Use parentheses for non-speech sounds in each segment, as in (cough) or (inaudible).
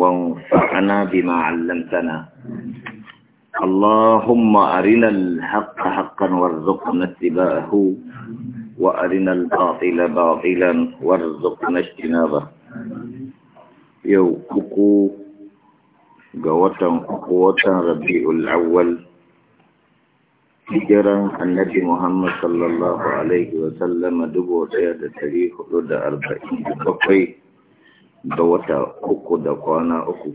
وانفعنا بما علمتنا اللهم أرنا الحق حقا وارزقنا اتباعه وأرنا الباطل باطلا وارزقنا اجتنابه يو كوكو قوة قوة ربيع الأول hijiran annabi Muhammad sallallahu Alaihi wasallam dubu ɗaya da dari hudu da arba'in da bakwai da wata uku da kwana uku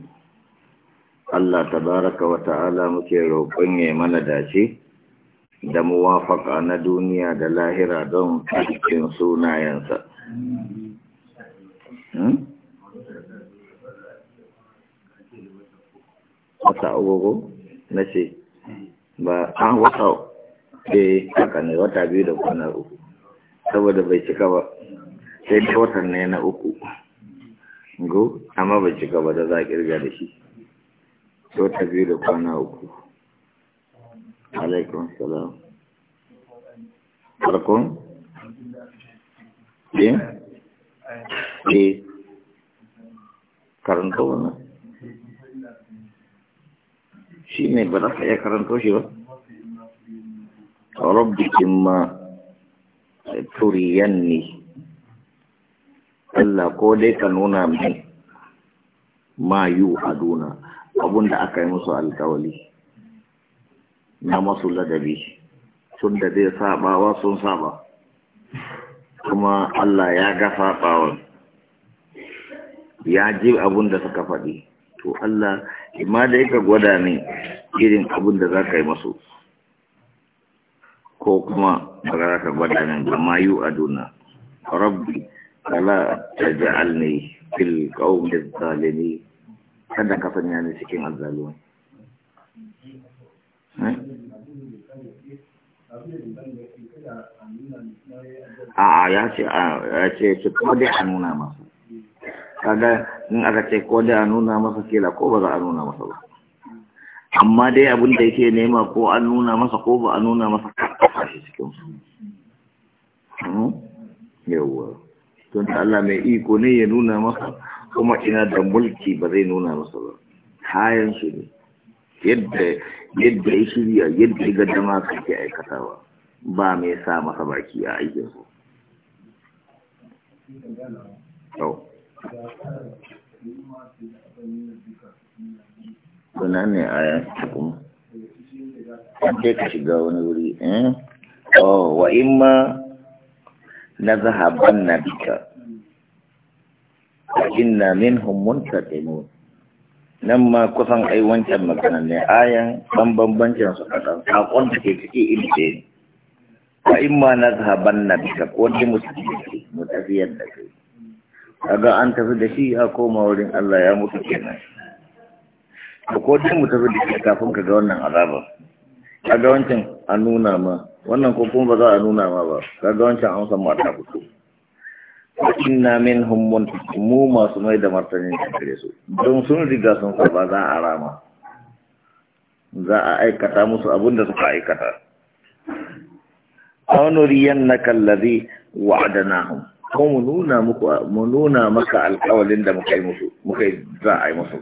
Allah ta baraka wa ta'ala muke roƙon ya mana dace da muwafaka na duniya da lahira don cikin sunayensa. Hmm? Wata agogo na ce, ba a wata ke eh, haka ne wata biyu da kwana uku, saboda bai cika ba, sai da watan ne na uku. go amma ba ci gaba da za kirga da shi so ta biyu da kwana uku alaikun salam farkon ɗin eh? ɗin eh. karanta wannan shi ne ba za ka iya karanto shi ba rabbi imma eh, turiyanni Allah ko dai ka nuna mai ma yu aduna abun aka yi musu alkawali na masu ladabi sun da zai sabawa sun saba kuma Allah ya ga sabawan ya ji abinda suka faɗi to Allah ima da yaka gwada ne irin abinda za ka yi masu ko kuma ba za ka gwada ne ba ma a aduna rabbi فلا تجعلني في القوم الظالمين kada ka sanya ni cikin azzaluwa a ya ce a ce su ko dai a nuna masa kada in aka ce ko dai a nuna masa kila ko ba za a nuna masa ba amma dai abin da yake nema ko an nuna masa ko ba a nuna masa ka kafa shi cikin su yawwa don Allah mai iko ne ya nuna masa kuma ina da mulki ba zai nuna masa ba kayan su ne yadda yadda ya shirya yadda ya gada gadama kake aikata ba ba mai sa masa baki a aikin su Kuna ne a yanzu kuma. An ka shiga wani wuri, eh? Oh, wa in ma na zahaban na bika homon minhum muntaqimun nan ma kusan ai wancan magana ne ayan dan bambancin su a kadan sakon da ke ciki ilmi ne fa ma na zahaban na bika ko dai musulmi mu tafiyar da kai kaga an tafi da shi a koma wurin Allah ya mutu kenan ko dai mu tafi da shi kafin ka ga wannan azabar kaga wancan an nuna ma wannan ko kuma ba za a nuna ma ba kaga wancan an san mata hutu inna minhum mun mu masu mai da martani da kare su don sun riga sun ba za a rama za a aikata musu abin da suka aikata aunuriyan na kallazi wa'adnahum ko mu nuna muku mu nuna maka alƙawalin da muka yi musu muka yi za a yi musu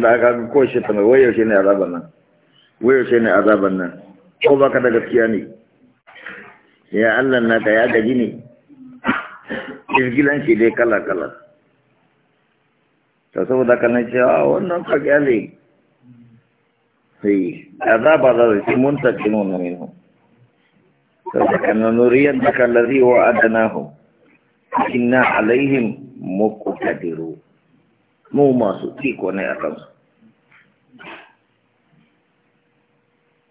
da aka ko shi ta mai wayo shi ne azaban nan wayo shi ne azaban nan ko baka da gaskiya ne ya Allah na ta ya gaji ne izgilanci dai kala-kala ta saboda kanan cewa ah, wannan fagyale sai azaba za su mun tafi nuna ta saboda kanan nuriyar da kallari wa adanahu inna alaihim muku kadiru mu masu iko ne a kansu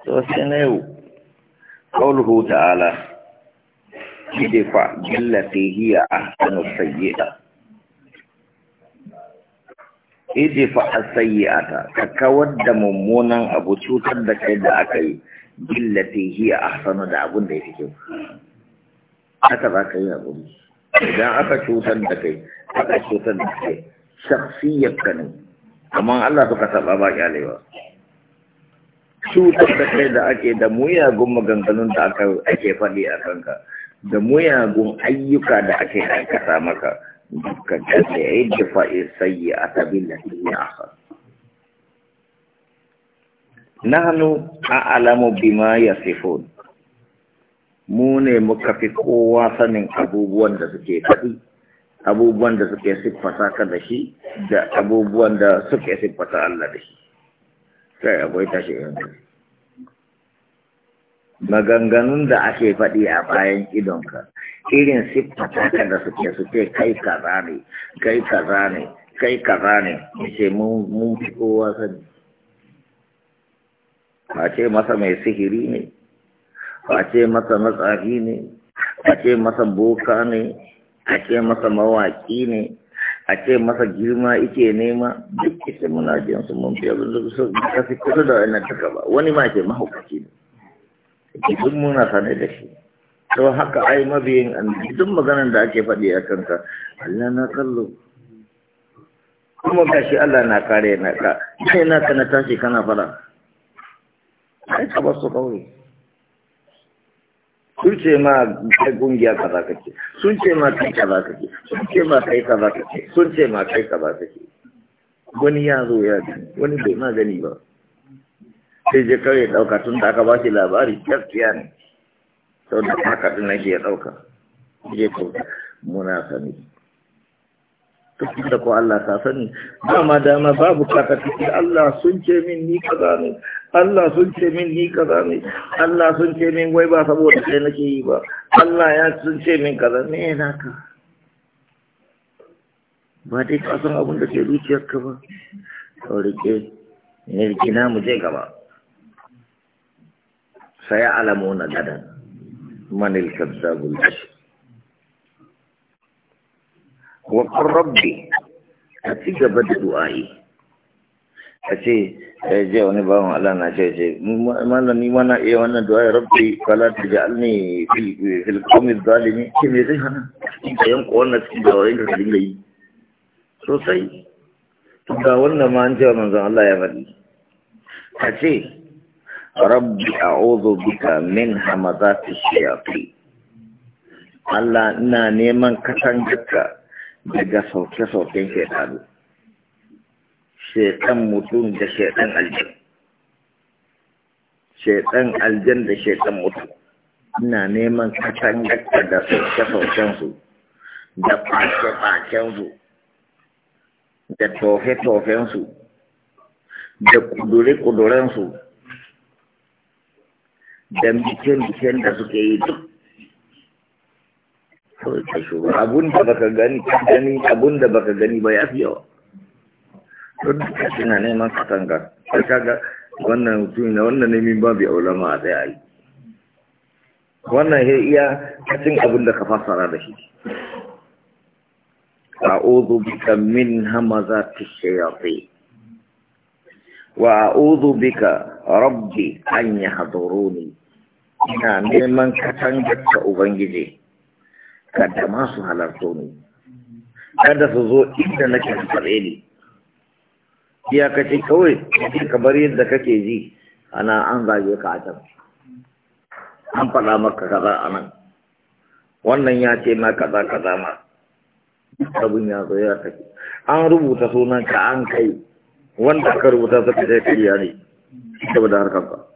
to sai na yau qawluhu ta'ala idfa billati hiya a ahsanu sayyi'a idfa as-sayyi'ata ka kawar da mummunan abu cutar da kai da aka yi billati hiya a ahsanu da abun da ya fi kyau haka za ka yi abu idan aka cutar da kai aka cutar da kai shakhsiyar ka ne amma Allah suka saba ba kyalewa cutar da kai da ake da muyagun maganganun da aka ake faɗi a kanka da muyagun ayyuka da ake aikata maka dukkan kasa ya yi fa'i a tabin da ya asa nahnu a'lamu bima yasifun mu ne muka fi kowa sanin abubuwan da suke faɗi abubuwan da suke siffata ka da shi da abubuwan da suke siffata Allah da shi sai akwai tashi yanzu maganganun da ake faɗi a bayan idonka irin siffata ka da suke suke kai kaza ne kai kaza ne kai kaza ne ce mun fi kowa sani a ce masa mai sihiri ne a ce masa matsafi ne a ce masa boka ne a ce masa mawaƙi ne a ce masa girma ike nema duk ita muna jin su mun fiye da su ka fi kusa da wani taka ba wani ma ke mahaukaci ne duk muna sane da shi to haka ai mabiyin an duk maganar da ake faɗi a kanka Allah na kallo kuma shi Allah na kare na ka sai na kana tashi kana fara ai ka ba su kawai sun ce ma kai kungiya ka ce sun ce ma kai ka ce sun ce ma kai ka ce sun ce ma kai ka ce wani ya zo ya ce, wani bai ma gani ba sai je kawai ya dauka tun da aka ba shi labari gaskiya ne sau da haka din nake ya dauka je kauta muna sami duk da ko Allah ta sani dama dama babu kaka ciki Allah sun ce min ni kaza ne Allah sun ce min ni kaza ne Allah sun ce min wai ba saboda kai nake yi ba Allah ya sun ce min kaza ne na ka ba dai ka san abin da ke zuciyarka ba to rike ne rikina mu je gaba sai alamuna gadan manil kadzabul ashir wa rabbi a ci gaba da du'a'i a ce ya je wani bawan Allah na ce ce ni mana iya wannan du'a'i rabbi fala ta ja'alni fil qawmi zalimi ke me zai hana cikin da yanko wannan cikin da wayin da dinga yi sosai ga wannan ma an ce manzon Allah ya faɗi a ce rabbi ozo bika min hamazati shayatin Allah ina neman katangarka daga sauke-sauken shekaru shekan mutum da shekan aljan shekan aljan da shekan mutum ina neman katangarta da sauke-saukensu da face-facensu da tofe-tofensu da kudure-kudurensu da bikin-bikin da suke yi duk kawai ka shuru da baka gani gani baka gani ba ya fi yawa don suna neman kaga wannan mutum na wannan nemin babu aulama a tsaye yi wannan ya iya kacin abin da ka fasara da shi a'udhu bika min hamazati shayatin wa a'udhu bika rabbi an ne. ina neman katangar ta ubangiji kada ma su halarto ni kada su zo inda nake tsare ni kace kawai ka bar yadda kake ji ana an zage ka a can an faɗa maka kaza a nan wannan ya ce ma kaza kaza ma abin ya zo ya tafi an rubuta sunan ka an kai wanda aka rubuta suka sai kariya ne saboda harkar ka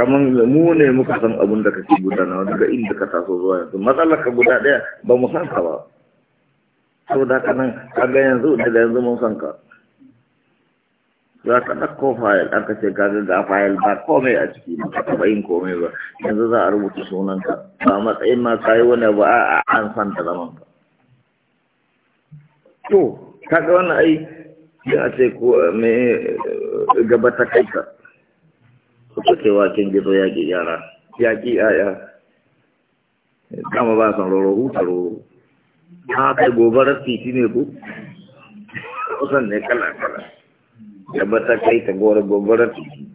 kaman mu ne muka san abin da kake gudana daga inda ka taso zuwa yanzu matsalar ka guda ɗaya ba mu san ka ba da haka nan kaga yanzu daga yanzu mun san ka za ka ɗauko fayil aka ce ka ga fayil ba komai a ciki ba ka taɓa yin komai ba yanzu za a rubuta ka ba matsayin ma kayi wani ba a an san ta zaman ka to kaga wannan ai sai ce ko me gaba ta kai ka suka ce waken gizo ya ƙi yara ya ƙi yaya kama ba san roro huta roro ta kai gobarar titi ne ku kusan ne kala kala da bata kai ta gora gobarar titi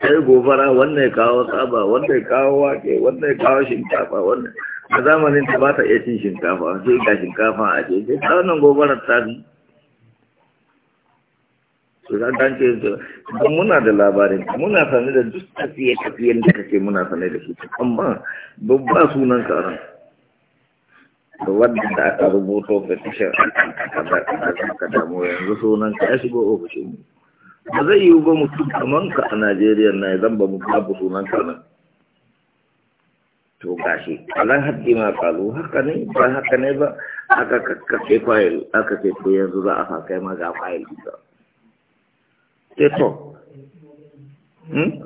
kai gobara wannan ya kawo tsaba wannan kawo wake wannan kawo shinkafa wannan a zamanin ta ba ta iya cin shinkafa sai ga shinkafa a je sai ta wannan gobarar ta bi to za ta ce don muna da labarin muna sane da duk tafiye tafiyen da kake muna sane da su amma babba sunan karan da wadda da aka rubuto petition ka damu yanzu sunan ka ya shigo ofishin mu ba zai yiwu ba mutum kaman ka a Najeriya na zan ba mu babu sunan ka to gashi alan haddi ma kalu haka ne ba haka ne ba aka kakkace fayil aka kai to yanzu za a fa kai ma ga fayil ba Teto. Eh, hmm?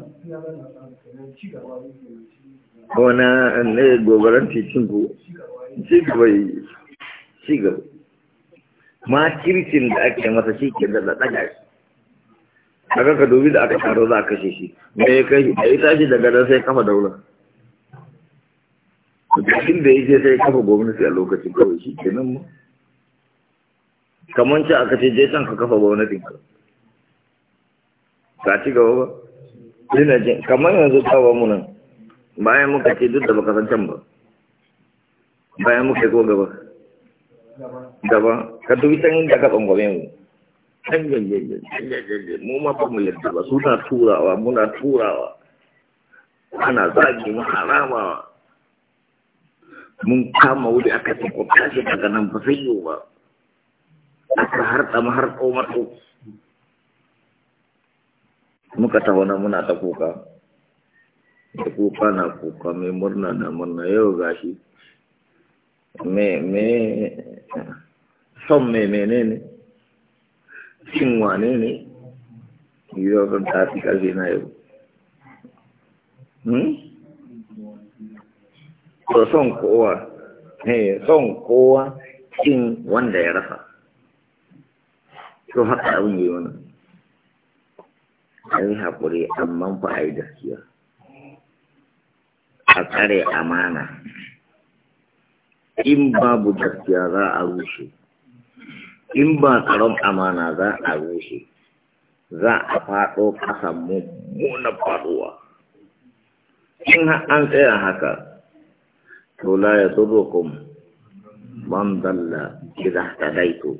Wana ne eh, gobaran titin ku? Ci gaba yi. Ci gaba. Ma kirkin da ake masa shi ke da daga shi. Aka ka dubi da aka taro za a kashe shi. Me ya kai shi? Da ya tashi daga nan sai kafa daula. Mutum da ya je sai kafa gwamnati a lokacin kawai shi kenan mu. Kamar ce aka ce je can ka kafa gwamnatin ka. ka ci gaba ba ina jin kamar yanzu tsawon munan bayan muka ce duk da baka san can ba bayan muka ko gaba gaba ka dubi can inda ka tsangwame mu can jajjajen mu ma ba mu yarda ba suna turawa muna turawa ana zagi mu haramawa mun kama wuri aka ce ko tashi daga nan ba sai yi ba aka harta mu har tsomato muka taho na muna ta kuka da kuka na kuka mai murna na murna yau gashi me me son me cin wane ne yau zan tafi ƙarfi na yau so hmm? son kowa hey, son kowa cin wanda ya rasa So haka abin yi wannan an yi haƙuri amma fa a yi gaskiya a tsare amana in babu gaskiya za a rushe in ba tsaron amana za a rushe za a faɗo ƙasan mummuna faɗuwa in an tsaya haka to la ya zo man dalla idan ta daito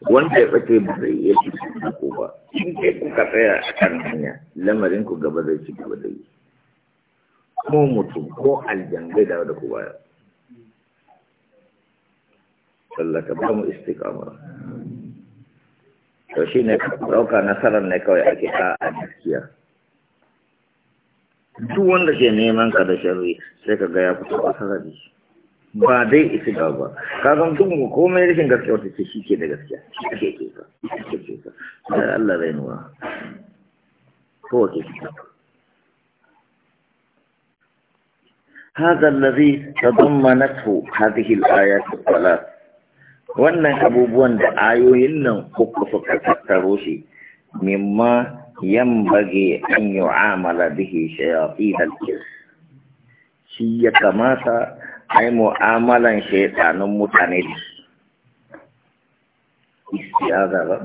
wanda ya tsake ba zai iya ci ko ba in kai kuka tsaya a kan hanya lamarin ku gaba zai ci gaba da yi ko mutum ko aljan zai dawo da ku baya sallaka ka ba mu istiqama to shi ne ɗauka nasarar ne kawai ake ka a gaskiya duk wanda ke neman ka da sharri sai ka ga ya fito a sarari بادي إسقاطه كذا نقول كم يرسين هذا الذي تضمنته هذه الآيات الثلاث وأن كبوبون آيوهن فك فك تروشي مما ينبغي أن يعامل به شياطين الكس شيء كما ai mu'amalan shaidanun mutane ne istiyaza ba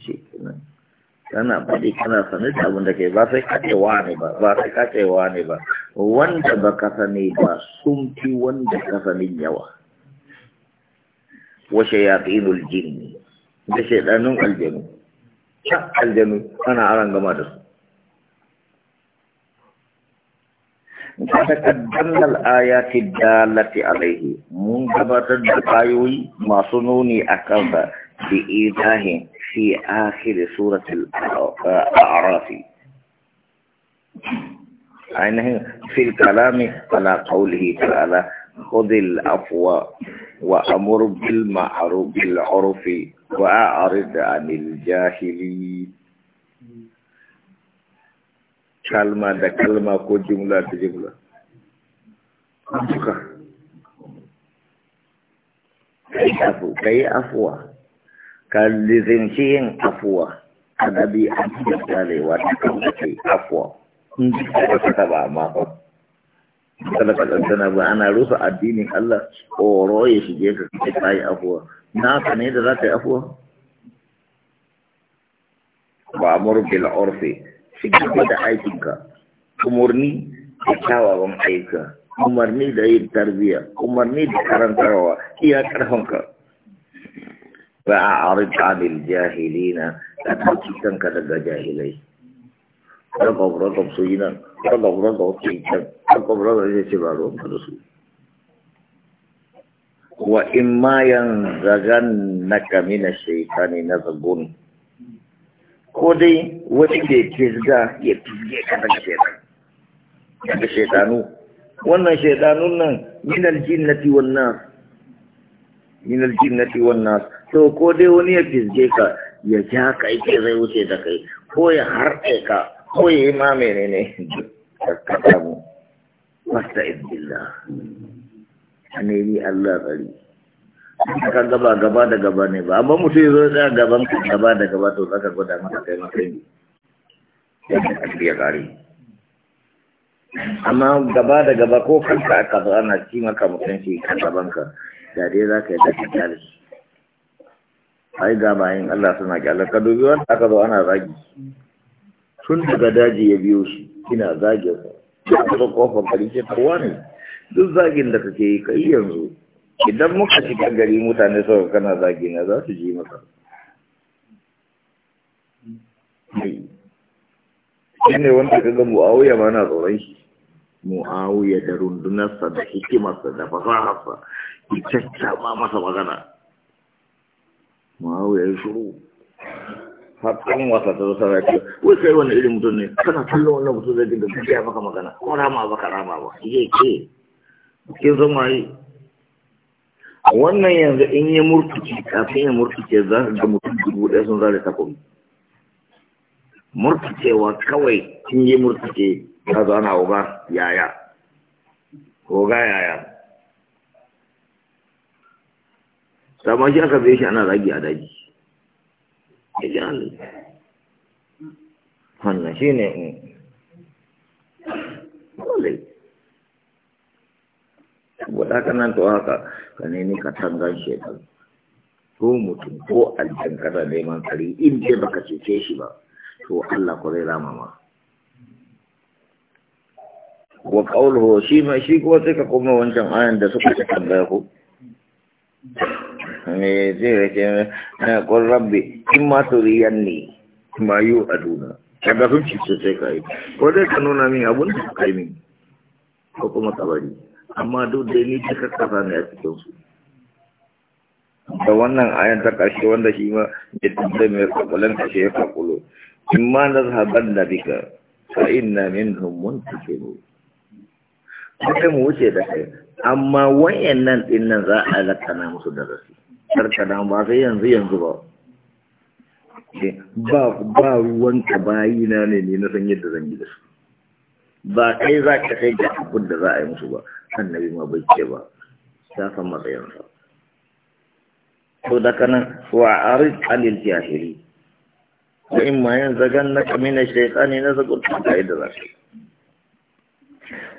shi kuma kana faɗi kana sanar da abin da ke ba sai kacewa ne ba ba sai kacewa ne ba wanda ba ka sani ba sun fi wanda ka sani yawa washe ya tsinul jini da shaidanun aljanu aljanu ana aran gama da su تتقدمنا الآيات الدالة عليه منقبة الآيوي ما صنوني أكبر بإيضاه في آخر سورة الأعراف عينه في الكلام على قوله تعالى خذ الأفوى وأمر بالمعروف بالعرف وأعرض عن الجاهلين kalma da kalma ko jumla da jumla duka ka yi afuwa ka lizinci yin afuwa ka dabi a cikin tsarewa ta kan kake afuwa in ji ka kasa ba ma ba kada ka tsantsana ba ana rufe addinin Allah tsoro ya shige ka kai ka yi afuwa na ka ne da za ka yi afuwa ba mur bil urfi ci da aikinka umarni da kyawawan aika umarni da yin tarbiyya umarni da karantarwa iya karfanka ba a arid jahili jahilina da tafi kanka daga jahilai ragab ragab su yi nan ragab ragab su yi can ragab ragab ya ce ba ruwanka da su wa in ma zagan na kamina shaitani na zagon ko dai wani da ya fizga ya fizge ka daga shaitan daga shaitanu wannan shaitanun nan minal jinnati wan nas minal jinnati wan nas to ko dai wani ya fizge ka ya ja ka yake zai wuce da kai ko ya harɗe ka ko ya yi ma menene ka samu fasta izbillah a nemi Allah tsari ka gaba gaba da gaba ne ba amma mutum zo da gaban ka gaba da gaba to zaka gwada maka kai maka yi ya kare amma gaba da gaba ko kanka aka zo ana ci maka mutunci a gaban ka da dai zaka yi da kyale ai ga bayan Allah suna kyalar ka dubi wanda aka zo ana zagi Tun daga daji ya biyo shi kina zage ku ya zo kofar gari ce kowa ne duk zagin da kake yi ka yi yanzu idan muka shiga gari mutane suka kana zagi na za su ji maka shi ne wanda ka ga mu'awuya ma na tsoron shi mu'awuya da rundunarsa da hikimarsa da fasaharsa ya caccama masa magana mu'awuya ya shuru hakan wasa ta zo sarari wai kai wani irin mutum ne kana kallon wani mutum zai dinga ya maka magana ko rama ba ka rama ba ke ke kin san waye wannan yanzu in yi murtuce kafin yi murtuce za su ga mutum dubu ɗaya sun zare takobi murtucewa kawai in yi murtuce ya zo ana oga yaya oga yaya sama shi aka zai shi ana zagi a daji ya ji an wannan shi ne mm. dole buat haka nan to haka ka ini ka tangan shekaru ko mutum ko aljan kata neman kali in dia baka cece shi ba to Allah ko zai rama ma wa qawluhu shi ma shi ko sai ka koma wancan ayan da suka ta tambaya ko ne zai rake na qul rabbi imma turiyanni ma yu aduna kaga sun ci sai kai ko dai ka nuna min abun da kai min ko kuma tabari amma duk da ni duka kasa ne a cikin su da wannan ayan ta ƙarshe wanda shi ma ya tabbai mai kakulan kashe ya kakulo in ma na zahaban da bika fa inna min hummun ta ke mu wuce da kai amma wayannan din nan za a lakana musu da rasu karkana ba sai yanzu yanzu ba eh, ba ba bayi na ne ne na san yadda zan yi da su ba kai za ka kai ga abin da za a yi musu ba annabi ma bai ce ba ta san matsayinsa to da nan wa arid alil jahili wa in ma yan zagan na kamina shaytani na zagun ta da shi.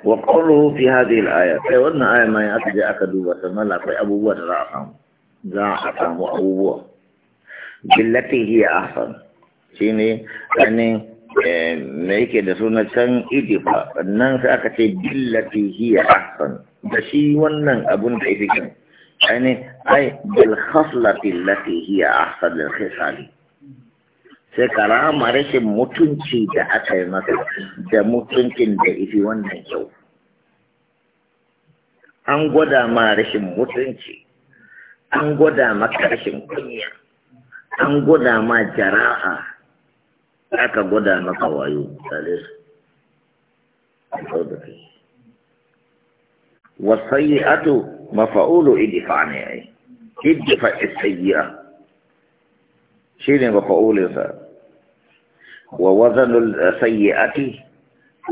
wa qawluhu fi hadhihi al'aya aya sai wannan aya ma aka je aka duba ta mala akwai abubuwa da za a samu za a samu abubuwa billati hiya ahsan shine anin Eh, me yake da suna can idifa nan sai aka ce billati hiya ahsan da shi wannan abun da ita kan yani ai bil khaslati allati hiya ahsan lil khisali sai karama rashin mutunci da aka yi masa da mutuncin da ita wannan kyau an gwada ma rashin mutunci an gwada maka rashin kunya an gwada ma jara'a aka gwada maka wayo salisu sau da kai wasayi'atu mafa'ulu idifa ne ai idifa isayi'a shi ne mafa'ulinsa wa wazanul sayi'ati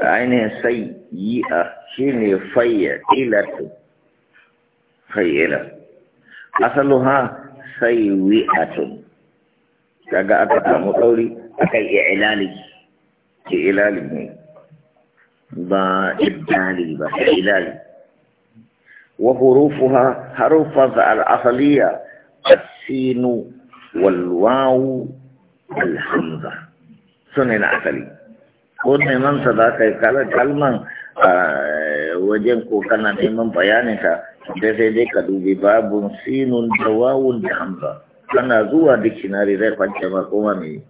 ainihin sayi'a shi ne fayyadilatu fayyila asaluha sayi'atun daga aka samu tsauri akan iya ilali ke ilali ne ba ibdali ba ke ilali wa hurufuha harufan al'asaliya sinu walwawu alhamza sune na asali ko neman ta za ka yi kalman wajen ko kana neman bayanin ta da sai dai ka dubi babun sinun da wawun da hamza kana zuwa dictionary zai kwanke ma kuma mai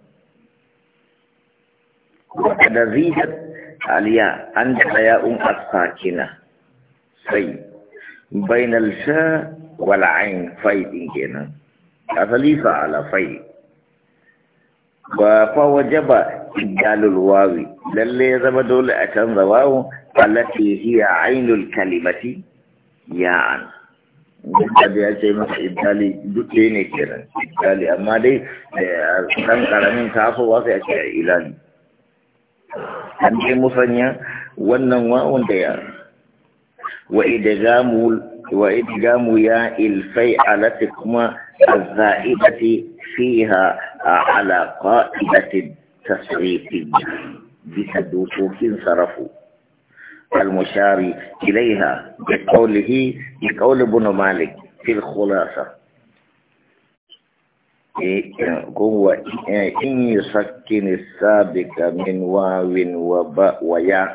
وقد زيدت عليا عند حياء الساكنة في بين الشاء والعين فيد كنا أصلي على في فوجب إبدال الواو للي زبدول أتنظ واو التي هي عين الكلمة يا عن da ya ce masa ibdali duk ne kiran ibdali amma dai dan karamin tasowa an musanya wannan wawun da ya wa idgamu wa idgamu ya il fai alati kuma azaibati fiha ala qa'idati tasrifi bisa dokokin sarafu المشار إليها بقوله بقول ابن مالك في الخلاصة kowa eh, in yi sakin sabika min wawin wa ya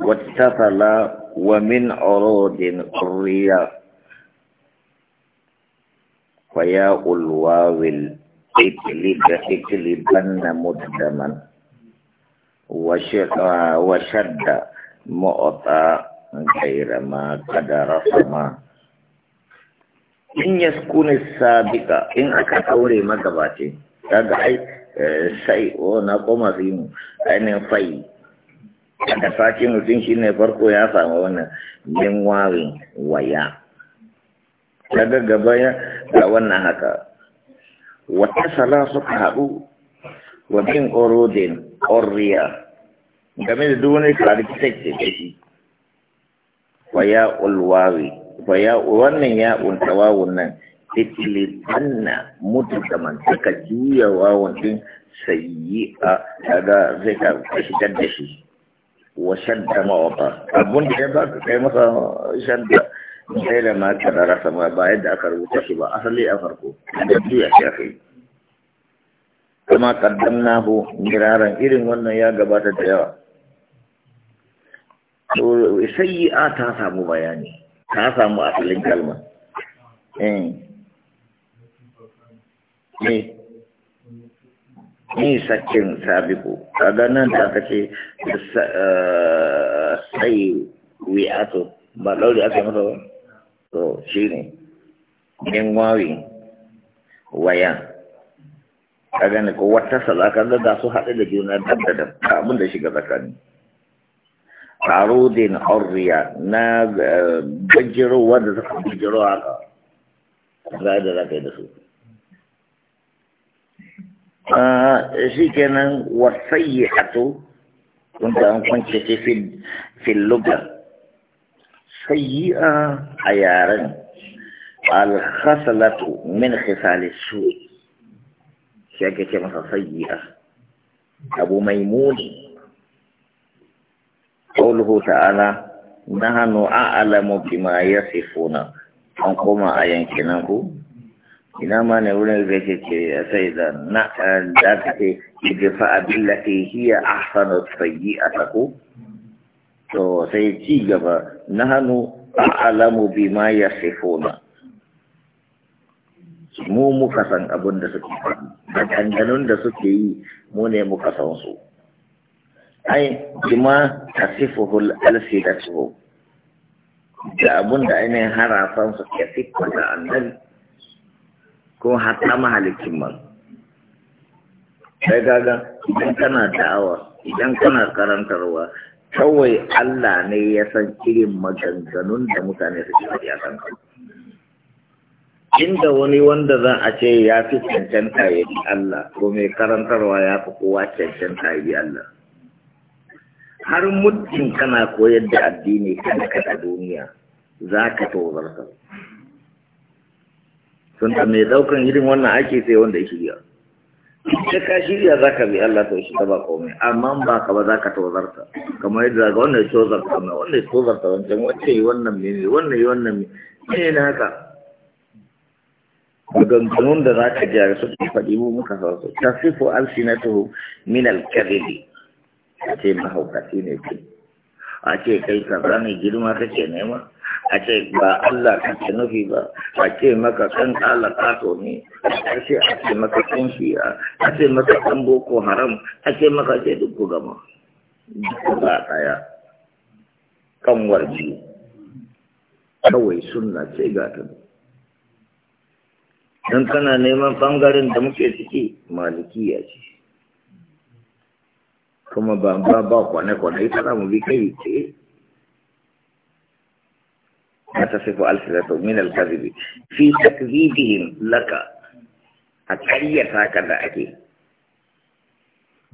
wattatala wa min orodin ƙuriya waya ulwawil ikiliban na muddaman wa shadda ma'ota gairama kadara sama in kuna sabika in aka aure magabace daga ai eh, sai o na koma zimu ainihin fai da fashin mutum shi ne farko ya samu wannan bin warin waya daga gaba ya ga wannan haka wata sala suka haɗu wa bin orodin ƙorriya game da duk wani karikitek da shi waya ulwari fa ya wannan ya unta wawun nan tikili anna mutu kaman ka juya wawun din a kaga zai ka shigar da shi wa shadda ba abun da ya ba ka kai masa shadda sai da ma ka rara ma ba yadda aka rubuta shi ba asali a farko da juya shi akai kama kaddamnahu miraran irin wannan ya gabata da yawa a ta samu bayani ka samu asalin kalma eh, eh. ni sakin sabiku kaga nan ta kace eh, sai wi'atu ba ɗauri aka masa ba to ne. min wawi waya kaga ne ko wata sala kaga ga su haɗe da juna dab da dab abin da shiga tsakani عروض حرية نا بجرو ودا سكا بجرو هكا غادا لا كيدا سو كنا كان كنت أن كنت في في اللغة سيئة عيارا الخصلة من خصال السوء شاكة مثلا سيئة أبو ميمون ta'ala قوله تعالى نحن أعلم بما يصفون أنكم أين كنكم ina ma ne wurin da ke ce a sai da na da ta ce idfa abillati hiya ahsanu sayyi'ata ko to sai ci gaba nahnu a'lamu bima yasifuna mu muka san abin da suke da danganun da suke yi mu ne mu kasan su ai bima tasifuhu alfi da abun da ainihin harafan su ke siffar da annabi ko hatta mahalicin man sai gaga idan kana da'awa idan kana karantarwa kawai Allah ne ya san irin maganganun da mutane suke faɗi a kanka inda wani wanda zan a ce ya fi cancanta ya bi Allah ko mai karantarwa ya fi kowa cancanta ya bi Allah har muddin kana koyar da addini ka a duniya za ka tozarta sun ta mai daukan irin wannan ake sai wanda ya shirya ita ka shirya za ka bi Allah ta shi ta ba komai amma ba ka ba za ka tozarta kamar yadda ga wannan ya ka mai wannan ya ka wancan wacce yi wannan mai wannan yi wannan mai ne na haka maganganun da za ka jari su faɗi mu muka sa su tasifu alsinatuhu min alkadhibi a ce mahaukaci ne ce a ce kai kaza mai girma kake nema a ce ba Allah kake nufi ba a ce maka kan kala kato ne a ce a ce maka kan fiya a ce maka kan boko haram a ce maka ce duk gama duk ba tsaya kan warji kawai sunna ce ga ta don kana neman bangaren da muke ciki malikiya ce kuma ba ba ba kwane-kwane ita za mu bi kai ce na ta sifo alfilatu min alkazibi fi takzibihim laka a karyata ka da ake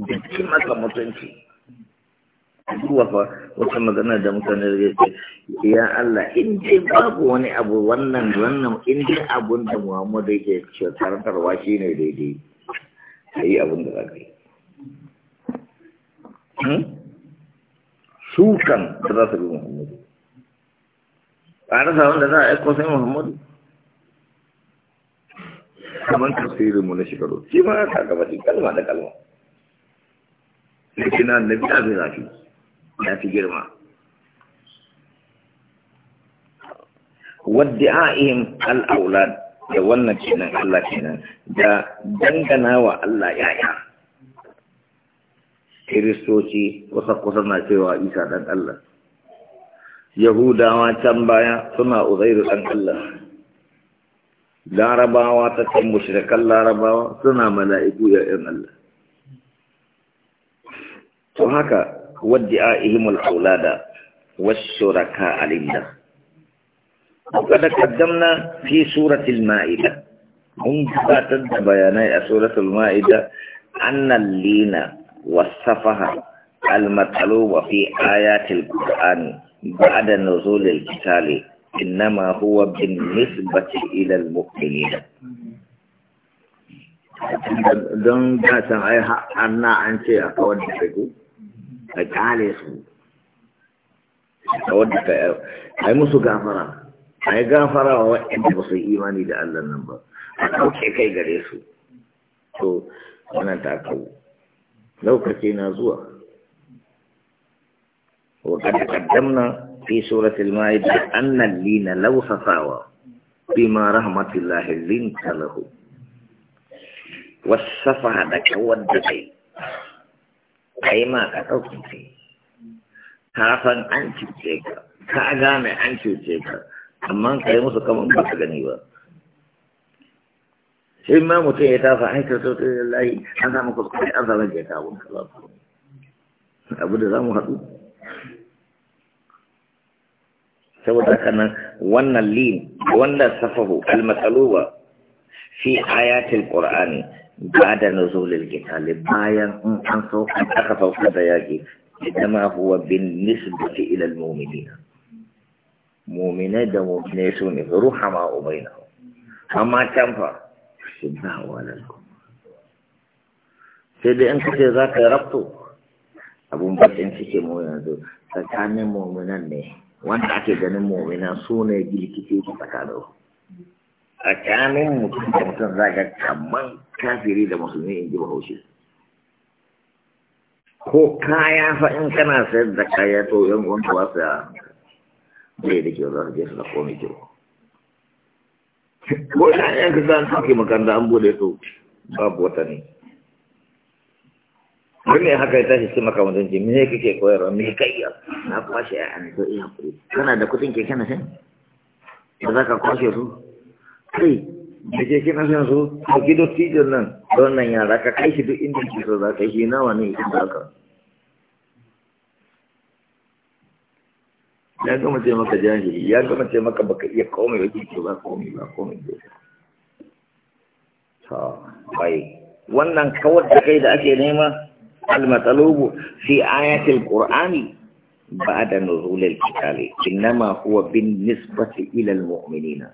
jikin maka mutunci zuwa fa wata magana da mutane da ce ya Allah in dai babu wani abu wannan wannan in dai abun da Muhammadu yake cewa tarantarwa shine daidai sai abun da zaka yi Hmm? sukan da za su bi muhammadu a rasa da za a aiko sai muhammadu kamar tafsirin mu na shekaru shi ma ya ta gaba kalma da kalma lakin na bi abin zafi ya fi girma wadda'a'ihim al-aulad da wannan kenan Allah kenan da dangana wa Allah ya'ya Kristoci kusa kusa na cewa isa dan Allah yahudawa can baya suna uzairu dan Allah larabawa ta can mushrikan larabawa suna mala'iku ya ya'yan Allah to haka wadda a ihimul aulada wash-shuraka alinda Kuka da kaddamna fi suratul ma'ida. Mun المائدة da bayanai a suratul ma'ida أن lina. والسفه المطلوب في آيات القرآن بعد نزول القتال إنما هو بالنسبة إلى المؤمنين don gasan ai anna an ce a kawar da fiku a kyale su kawar da a yi musu gafara yi gafara wa waɗanda ba su yi imani da Allah nan ba a ɗauke kai gare su to wannan ta kawo لو كتينا زوا وقد قدمنا في سورة المائدة أن اللين لو سفاوى بما رحمة الله اللين له والصفا دك ودكي أي ما كتوكي تعرف أن تجيك تعجامي أن تجيك أما أنت يمسك من بطغني بطغني إما متيتا فحيث تطير الله حتى مكتبه أظلم جتاب خلاص أبو دزام هذا سوى ذلك أن وانا اللين وانا صفه المثلوبة في آيات القرآن بعد نزول القتال بايان أن سوف أخف فضا يجب إنما هو بالنسبة إلى المؤمنين مؤمنين دموا بنيسون رحمة أمينهم أما تنفر sai dai in kace za ka yi rabto abun bakin cike mu yanzu tsakanin muminan ne wanda ake ganin mumina su ne girkice da tsakanin tsakanin mutum da mutum za ga kamar kafiri da musulmi in ji bahaushe ko kaya fa in kana sayar da kaya to yan gwamnati ba su ya zai da kyau za su je su da komai kyau ko ina yan ka zan sauke makaranta an bude su babu wata ne wani haka ya tashi su makamantan ce mene kake koyarwa me kai ya na kwashe a yana to iya kuri kana da kudin keke na shan da za ka kwashe su kai da keke na shan su ɗauki dattijon nan da wannan yara ka kai shi duk inda ke so za ka shi nawa ne inda ka ya gama ce maka jahili ya gama ce maka baka iya komai ya ce ba komai ba komai ba ta bai wannan kawar da kai da ake nema almatalubu fi ayatul qur'ani da nuzulil kitabi innama huwa bin nisbati ila almu'minina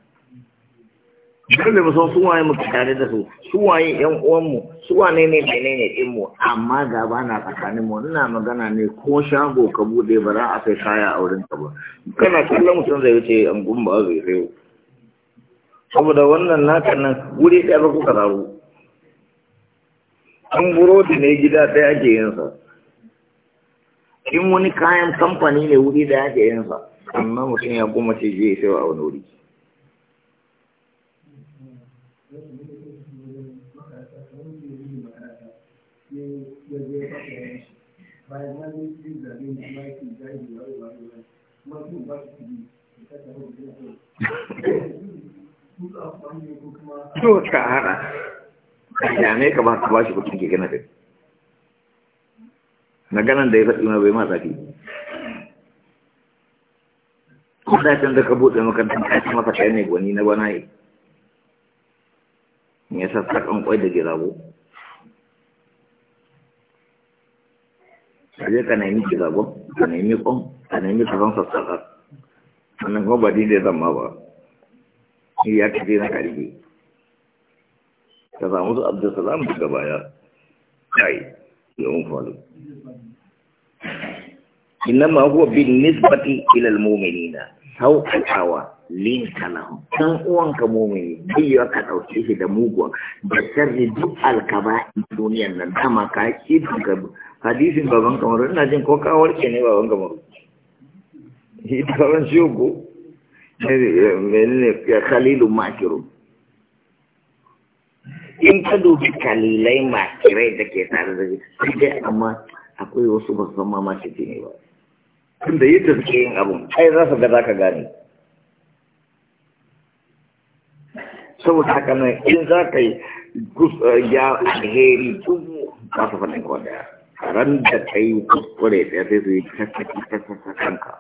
dole ba san suwaye muka tare da su suwaye yan uwanmu wane ne ne ne mu amma gaba na tsakanin mu ina magana ne ko shago ka bude ba za a kai kaya a wurin ka ba kana kallon mutum zai wuce an gumba zai zai saboda wannan naka nan wuri ɗaya ba kuka raru an burodi ne gida ɗaya ake yin sa in wani kayan kamfani ne wuri ɗaya ake yin sa amma mutum ya goma ce je sai a wani wuri ya da ta (laughs) to ka ya ne ka ba ka ba shi kuɗin keke na da ya faɗi ma ma zafi ko da da ka buɗe makarantar ka ci kai ne gwani na bana yi me yasa sakan kwai da girago ka je ka nemi kizagon ka nemi kwan ka nemi kasan sassaƙa sannan kuma ba daidai zama ba shi ya kace na karfi ka samu su abdulsalam daga baya kai yawan falu innama huwa bin nisbati ila almu'minina sauƙaƙawa linka lahu uwanka mumini biyu ka ɗauke shi da muguwa da sarri duk alkaba duniyan nan dama ka ki daga hadisin baban kamar ina jin ko ka warke ne baban kamar ita taron shugu menene ya kalilu makiru in ka dubi kalilai makirai da ke tare da shi sai dai amma akwai wasu ba su zama ma makirai ne ba tunda yadda suke yin abun ai za su ga za ka gane in za ka yi eh, ya alheri ko da kuskure kanka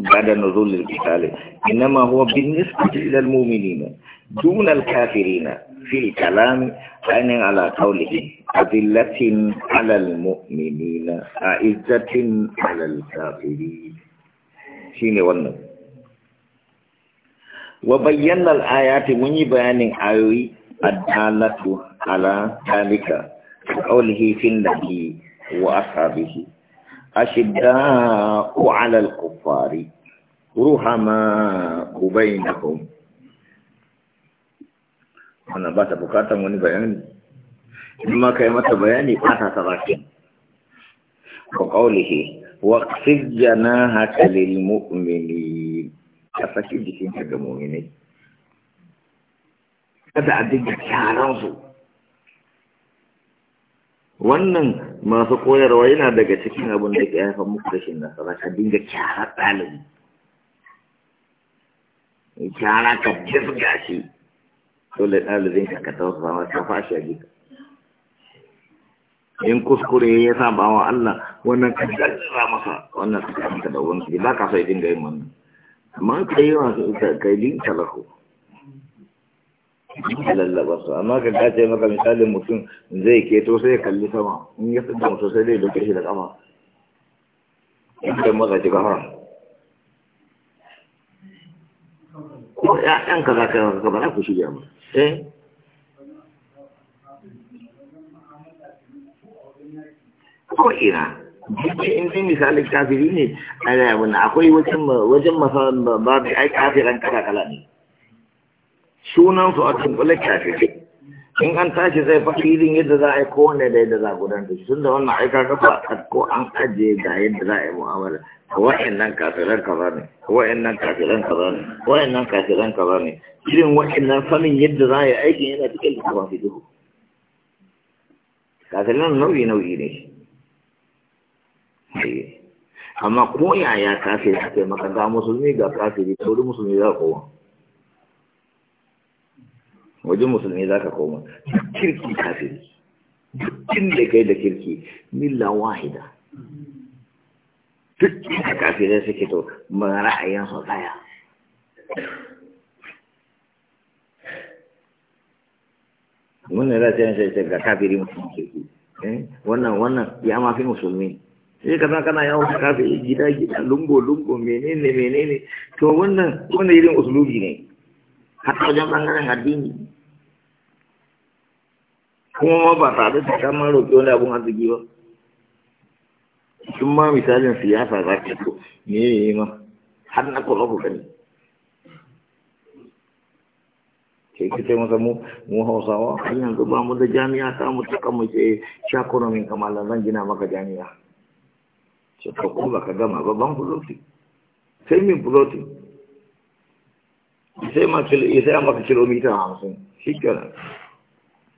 بعد نزول القتال إنما هو بالنسبة إلى المؤمنين دون الكافرين في الكلام أن على قوله أذلة على المؤمنين أعزة على الكافرين ne wannan wa bayyana al-ayati mun yi bayanin ayoyi dalatu ala dalika qawlihi da ke wa ashabihi ashidda'u 'ala al-kuffari ruhama ku. wannan ba ta bukatan wani bayani in ma kai mata bayani ba ta sarakin, ko qawlihi waqfid janahaka lil mu'minin ka saki jikinka ga mu'minai kada a dinga kyaran su wannan masu koyarwa yana daga cikin abin da ke haifar muku rashin nasara ka dinga kyara ɗalibi kyara ka jirga shi dole ɗalibin ka ka tausasa masa ka fashi a jika in kuskure ya saba wa Allah wannan ka jarraba masa wannan ka maka da wani su ba ka sai dinga yin wannan amma ka yi wasu ka yi talaku lallaba su amma ka dace maka misalin mutum zai keto sai ya kalli sama in ya fi da mutum sai dai doke shi da kama inda maza ci gaba ko ‘ya'yanka za ka yi gaba za ku shirya ba eh ko ina duk in dai misalin kafiri ne a abin akwai wajen wajen ba da ai kafiran kala kala ne sunan su a tunkule kafiri in an tashi zai fa filin yadda za a yi kowane da yadda za a gudanar da shi tun da wannan aika kafa a ko an ajiye ga yadda za a yi mu'amala wa'annan kafiran kaza ne wa'annan kafiran kaza ne wa'annan kafiran kaza ne irin wa'annan sanin yadda za a yi aikin yana cikin littafin fikihu kafiran nau'i nau'i ne Eh. amma ko yaya kafiri a kai maka ga musulmi ga kafiri ta musulmi za ka koma wajen musulmi za ka koma kirki kafiri dukkin da kai da kirki milla wahida duk da kafirai suke to ra'ayinsu daya wannan za ta yi ga kafiri musulmi kirki eh, wannan wannan ya mafi musulmi sai kana kana yawon kafe gida gida lungo lungo menene menene to wannan wannan irin usulubi ne har wajen bangaren addini kuma ba tare da kama roƙi wani abun arziki ba in ma misalin siyasa za ka to me ne ma har na kula ku gani ke kita masa mu mu hausawa Hanyar yanzu ba mu da jami'a ta mutu kan mu ce shakunan min kamala zan gina maka jami'a ce to ko ba ka gama ba ban fuloti sai min fuloti sai ma maka kilomita hamsin shi kenan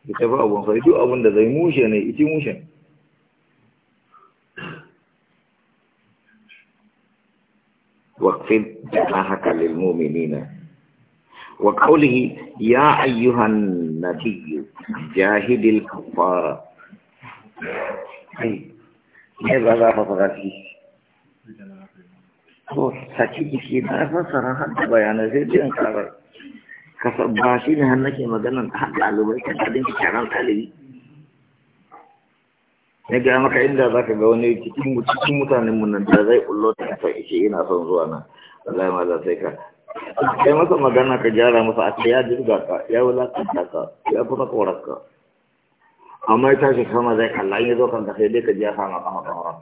ki tafi abun sai duk abun da zai mushe ne ici mushe waqfid jahaka lil mu'minina وقوله يا أيها النبي جاهد الكفار أي ne ba za fa fara shi to saki jiki na fassara har da bayanai sai biyan karar kasa ba shi ne har nake maganan har ɗalibai kan abin kyaran ɗalibi na gaya maka inda za ka ga wani cikin cikin mutanen mu nan da zai kullo ta ina son zuwa sai ka kai masa magana ka gyara masa a ya dirga ka ya wulakanta ka ya kuma korar ka amma ya tashi sama zai kalla ya zo kan sai dai ka ji ya sama kama kawara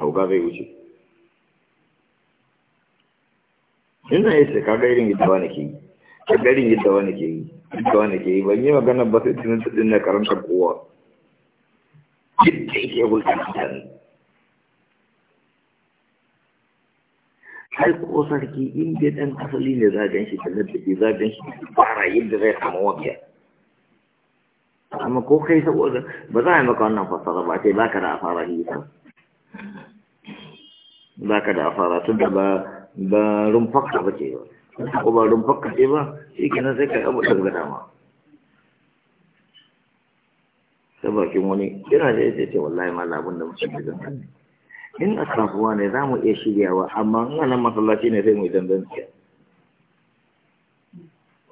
sauka zai wuce inda ya ce kaga irin yadda wani ke yi kaga irin yadda wani ke yi yadda wani ke yi ban yi magana ba sai tunan tudin na karantar kowa yadda yake hulɗar mutane har ko sarki in dai ɗan asali ne za a gan shi da nan da za a gan shi fara, yadda zai samu wakiya amma ko kai saboda ba za a maka wannan fassara ba sai baka da afara hisa baka da afara tun da ba ba rumfakka ba ce ba ko ba rumfakka ce ba shi nan sai ka abu daga gada ta bakin wani yana da yake ce wallahi ma labun da mutum da in a kafuwa ne za mu iya shiryawa amma wannan masallaci ne sai mu yi dandanciya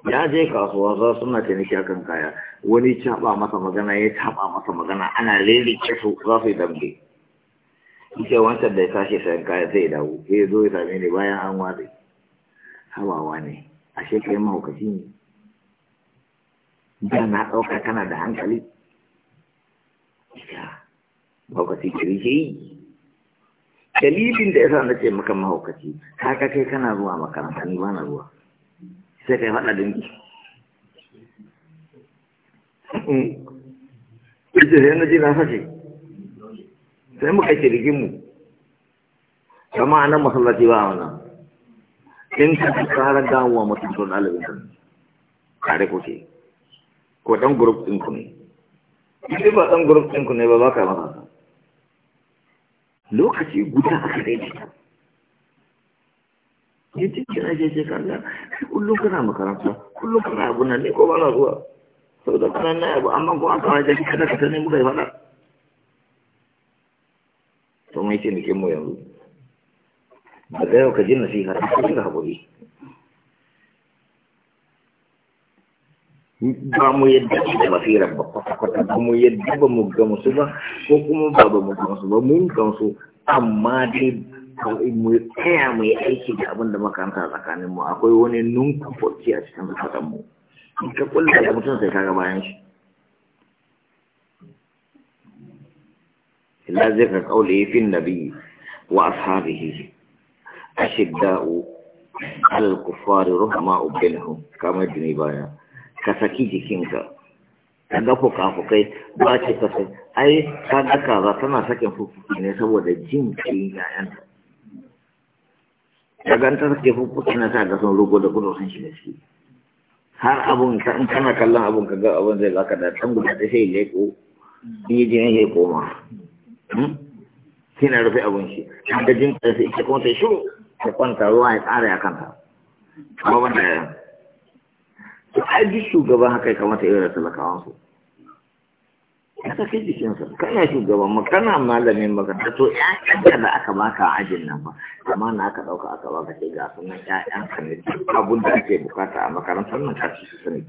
ya je kasuwa za suna taimaki akan kaya wani caba masa magana ya caba masa magana ana lirike su za su yi dambe ita wancan da ya tashi sayan kaya zai dawo ya zo ya same ni bayan an watsi hawawa ne a shekai mahaukaci ne da na ɗauka kana da hankali mahaukaci kiri ke yi dalilin da ya sa na ce maka mahaukaci ka kai kana zuwa makaranta ni ba na zuwa sai kai faɗa dangi mm. ita sai na ji na fashe sai muka ce riginmu kama a nan masallaci ba wannan in ka fi tsara dawowa mutum sun ɗalibin kare ko ce ko ɗan gurup ɗin ku ne ita ba ɗan gurup ɗin ku ne ba ba ka masa lokaci guda aka daidaita ya ce ce na jeje kaga kullum kana makaranta kullum kana abu nan ne ko ba na zuwa sau da kanan na abu amma kuma aka wajen shi kada ka sani muka yi faɗa to mai ce nake mu yanzu ba ga yau ka ji nasiha ta kuma da haƙuri ba mu yadda da basirar ba kwata-kwata ba mu yadda ba mu gamsu ba ko kuma ba ba mu gamsu ba mun gamsu amma dai mu tsaya mu yi aiki da abin da makaranta tsakanin mu akwai wani nunkufurci a cikin zafatan mu ka kulle da mutum sai kaga bayan shi illa zai ka kaule fin nabi wa ashabihi ashidda'u alal kuffari ruhama'u bainahum kamar ni baya ka saki jikinka ga fuka-fukai ba ce sai ai ka daka za tana sakin fuka ne saboda jin cikin ta. ya ganta suke fuffuke na sa ga sun rogo da kudu sun shiga ciki har abun kan kana kallon abun ka ga abun zai zaka da can, guda da sai leko in yi jinin ya koma kina hmm? rufe abun shi an da jin ƙarfi ita kuma sai shiru ta kwanta ruwa ya tsara ya kanta kuma wanda ya to ai duk shugaban haka ya kamata ya yi da talakawansu ka kai jikinsa kana shugaban ma kana malamin makaranta to ƴaƴanka da aka baka ajin nan ba amma na aka ɗauka aka baka sai ga sunan ƴaƴanka ne abun da ake bukata a makarantar nan ka ci su sani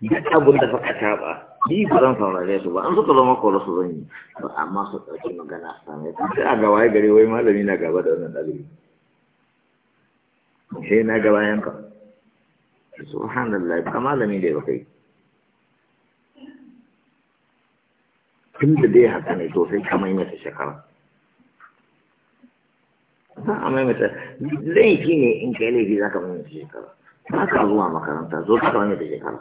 duk abun da suka taɓa ni ba zan saurare su ba an suka zama kola su zan yi ba amma su ɗauki magana a same ta sai a gaba ya gari wai malami na gaba da wannan ɗalibi sai na gaba yanka subhanallah ba malami da ya tun da dai haka ne to sai ka maimaita shekara za a maimaita fi ne in kai laifi za ka maimaita shekara ba ka zuwa makaranta zo ka maimaita shekara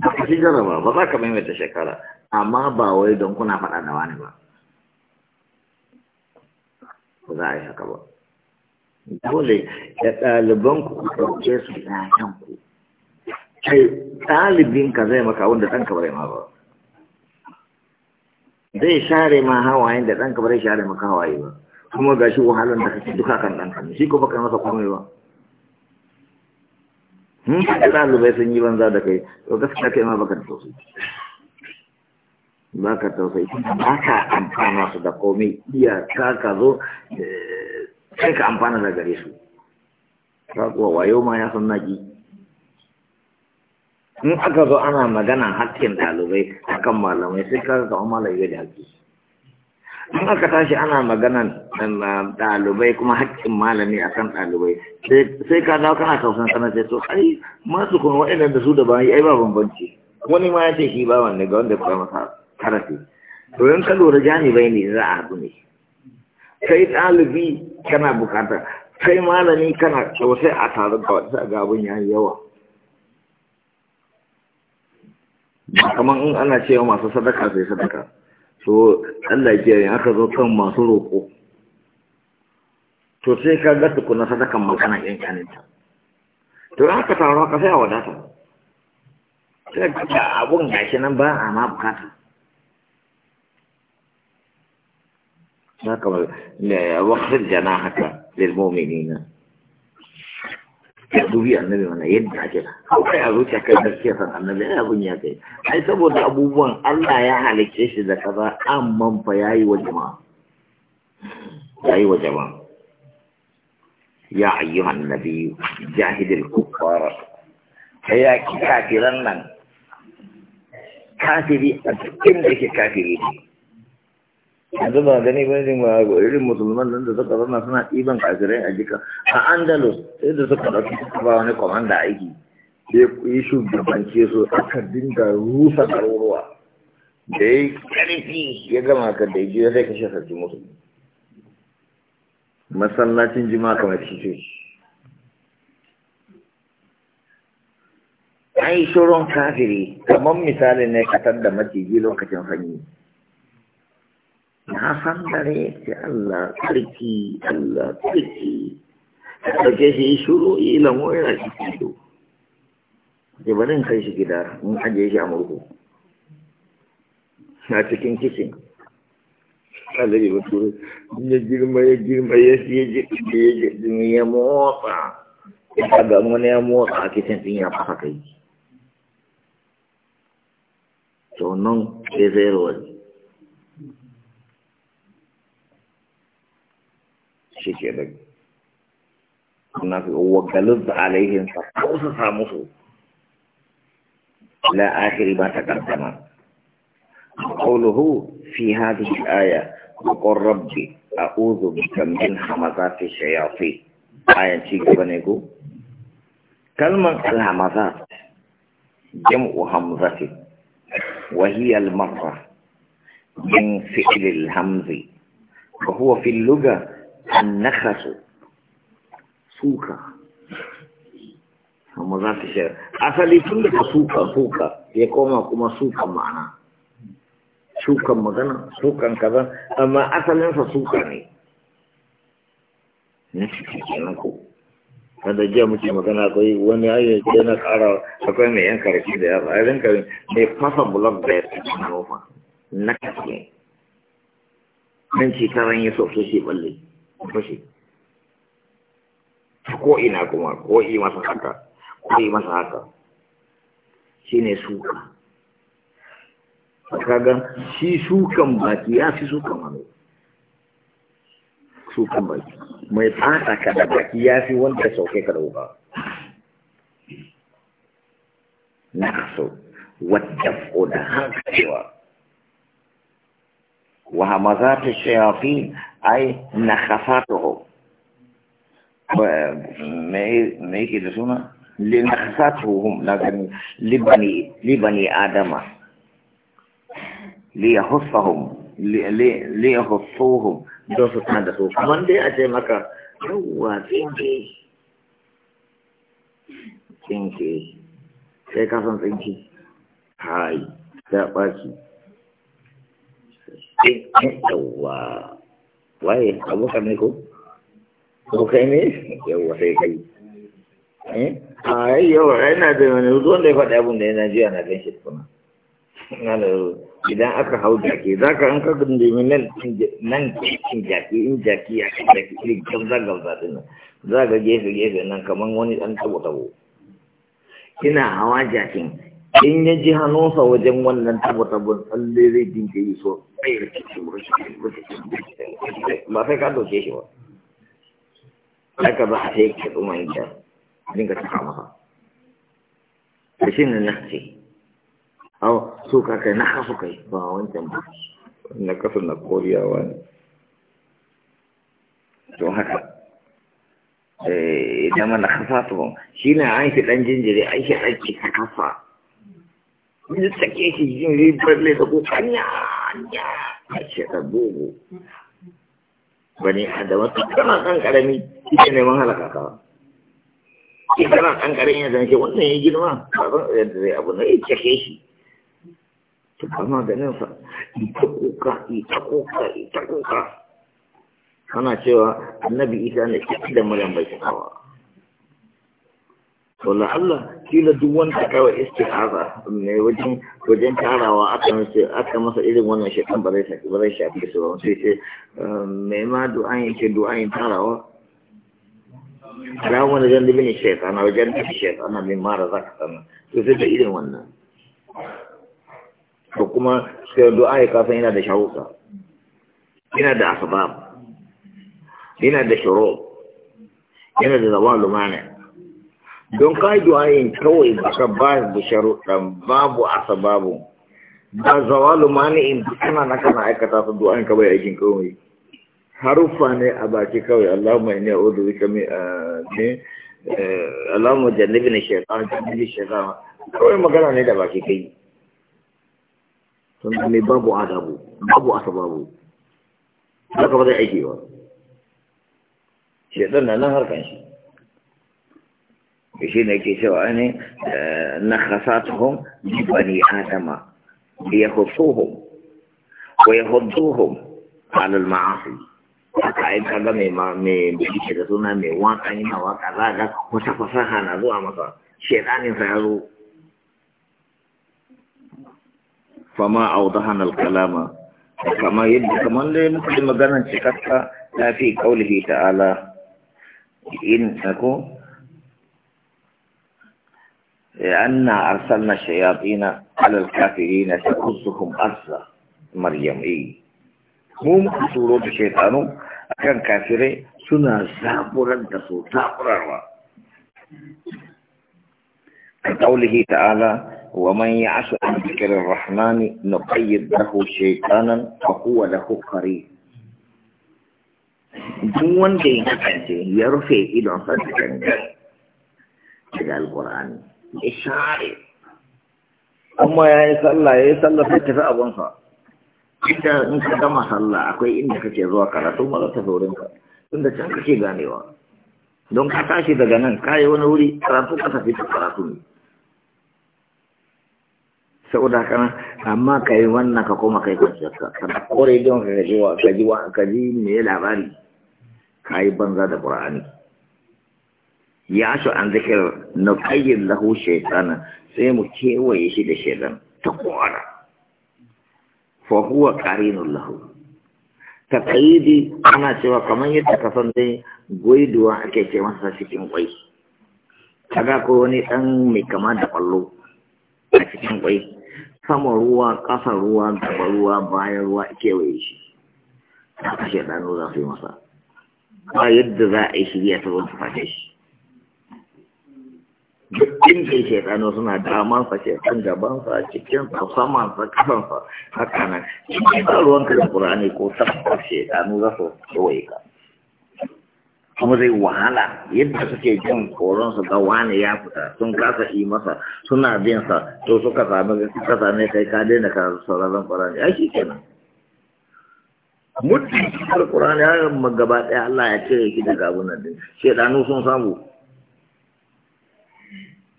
ba ka fi jarraba ba za ka maimaita shekara amma ba wai don kuna faɗa da wani ba ba za a yi haka ba dole ya ɗaliban ku ɗauke su ku. kai ka zai maka wanda ɗanka bai ma ba zai share ma hawayen da ɗanka ba zai share maka hawaye ba kuma ga shi wahalar da kake duka kan ɗanka shi ko baka masa komai ba hmm ka ɗalibai sun yi banza da kai to gaskiya kai ma baka tausayi baka ka tausayi ba ka amfana su da komai iya ka ka zo eh, kai ka amfana da gare su ka kuwa wayo ma ya san naki in aka zo ana magana hakkin ɗalibai akan malamai sai ka zama malamai da haƙƙi in aka tashi ana magana um, um, ɗalibai kuma haƙƙin malami akan ɗalibai sai ka dawo kana kausan sana sai to ai masu kuma waɗannan da su da bayan ai ba bambanci wani ma ya ce shi ba wanda ga wanda kuma masa karafi to yin ka lura jami'ai ne za a haɗu ne kai ɗalibi kana bukata kai malami kana kyautai a tare da gabin yayi yawa kamar in ana cewa masu sadaka sai sadaka so Allah ya yi aka zo kan masu roƙo to sai ka ga kuna sadakan magana yan kaninta to in aka taro ka sai a wadata sai ga abun gashi nan ba a ma bukata na ne wakil jana haka lil mu'minina Ya dubi annabi wannan yadda ake kawai a zuciya kai gaskiya san annabi ya abun ya kai ai saboda abubuwan Allah ya halicce shi da kaza amman fa yayi wa jama'a yayi wa jama'a ya ayyuhan nabi jahidil kuffar kai ya kafiran nan kafiri a cikin da ke kafiri ne yanzu ba gani ba ne ba irin musulman nan da suka zama suna ɗiban kafirai a jika a andalus sai da suka ɗauki suka ba wani kwamanda aiki ya yi shugabance su aka dinga rusa ɗaruruwa da ya yi ƙarfi ya gama ka da ya sai kashe sarki musu. masallacin jima'a kamar cikin an yi shirin kafiri kamar misali ne katar da maciji lokacin sanyi na san dare ce Allah tsarki Allah tsarki ka ɗauke shi yi shuru yi lamo yana shi fito ke bari in kai shi gida in ajiye shi a murhu na cikin kicin Allah ya turu ya girma ya girma ya ya ya ya motsa ya ga wani ya motsa a kicin din ya fasa kai to nan ke zai rawar شيء بعدين الناس وقلب عليهم فقوس ساموسو لا آخر ما تكلم قوله في هذه الآية وقل ربي أعوذ بك من همزات الشياطين آية تيجي بنيكو كلمة الهمزات جمع همزة وهي المرة من فعل الهمز وهو في اللغة annakasu suka amma za ta shi asali tun daga suka suka ya koma kuma sukan ma'ana sukan magana sukan kaza amma asalinsa suka ne na ke nan ko kada jiya muke magana akwai wani ayyar ce na kara akwai mai yan karfi da yasa a rinka mai fasa bulog da ya tsaye na nufa na kake nan ci karan yi soso shi balle fushi ko ina kuma ko yi masa haka ko yi masa haka shine suka gan shi sukan baki ya fi sukan hannu sukan baki mai fata ka da baki ya fi wanda ya sauke ka da wuka na kaso wadda ko da وهمزات الشياطين أي نخفاته ما يجي إيه- إيه لسونا لنخفتهم لبني لبني آدم ليحصهم ليحصوهم دوس تندسو كمان دي أتي مكا يوا تنكي تنكي سيكاسون تنكي هاي تأباكي yawwa waye abokan ne ko ko kai ne yawwa sai kai eh? a yau yana da wani ruwan da ya faɗi abin da yana jiya na gan shi tukuna idan aka hau jaki za ka an ka gundumi nan nan cikin jaki in jaki ya kai jaki irin gamza gamza din nan za ka gefe gefe nan kamar wani ɗan tabo tabo Kina hawa jakin in ya ji hannunsa wajen wannan tabbatabin tsalle zai dinka yi so ba sai ka doke shi ba sai ka za a sai ka tsuma ita dinka cika ka. da shi ne na ce Hau, so kakai na kasu kai ba wancan ba na kasu na koriyawa ne to haka eh, idan mana kafa to shi ne an shi dan jinjiri an shi dan ke kafa ya sake shi yin ribar ne da kuka nya nya a ce ta bugu bane adama tun kana kan karami ita neman halaka ka shi kana kan karami ya zance wannan ya girma kafin yadda zai abu na ya cike shi to kama ganin fa ita kuka ita kuka ita kuka kana cewa annabi isa ne shi da maryam bai kawo to Allah kila duk wanda kawai istihaza ne wajen wajen tarawa aka mace aka masa irin wannan shekan bare zai bare ba ake shafi su sai ce mai ehm, ma du'an yake du'an tarawa zan wajen da bin na wajen da na min mara zaka san to sai da irin wannan to kuma sai du'a ya kasan yana da shawuka, yana da asbab yana da shuru yana da zawalu mani don kai du'ayin kawai baka ba da sharuɗan babu a sababu ba zawalu in suna na kana aikata su du'ayin ka bai aikin kawai haruffa ne a baki kawai Allahumma inni a'udhu bika min ah, ne eh, Allahumma jannibni shaytan jannibni shaytan kawai magana ne da baki kai sun ne babu adabu babu asababu haka ba zai aiki ba shaytan na nan harkan shi جينا كيسو أني نخصاتهم لبني آدم ليخصوهم ويهضوهم على المعاصي فقائد هذا مي ما مي بيجي كتونا مي واقع هنا واقع هذا مسافة هنا ذو أمسا شيطان يسألو فما أوضحنا الكلام كما يبدو كمان لمكلمة جانا شكتها لا في قوله تعالى إن أكون لأن أرسلنا الشياطين على الكافرين تقصهم أرسا مريم إيه هم سورة الشيطان أكان كافرين سنة زابرا دسو زابرا كقوله تعالى ومن يعش عن ذكر الرحمن نقيد له شيطانا فهو له قريب جوان دين ya rufe idonsa da gangan ishari amma ya yi sallah ya yi sallah sai tafi abinsa inda in ka gama sallah akwai inda kake zuwa karatu ma za ta zaurin ka can kake ganewa don ka tashi daga nan ka yi wani wuri karatu ka tafi ta karatu ne saboda kana amma ka yi wannan ka koma kai kwanciyar ka ka kore don ka ji wa ka ji me labari ka yi banza da ƙura'ani. ya su an zikir na kayyin lahu shaitana sai mu kewaye shi da shaitan ta kwara fa huwa qarinul lahu taqayidi ana cewa kamar yadda ka san dai goiduwa ake ce masa cikin kwai kaga ko wani dan mai kama da kwallo a cikin kwai sama ruwa kasa ruwa gaba ruwa bayan ruwa kewaye shi kashe shaitanu za su yi masa ba yadda za a yi shirya ta zo fashe shi duk inda yake kano suna damansa ke kan gabansa cikinsa samansa kafansa haka nan cikin ba ruwanka da ƙurani ko tabbar shekanu za su kewaye ka kuma zai wahala yadda suke jin su ga wani ya fita sun kasa yi masa suna bin sa to suka sami suka same kai ka daina ka sauraron ƙurani ai shi kenan mutum cikin Kur'ani, har gaba ɗaya Allah ya cire ki daga abun nan din shekanu sun samu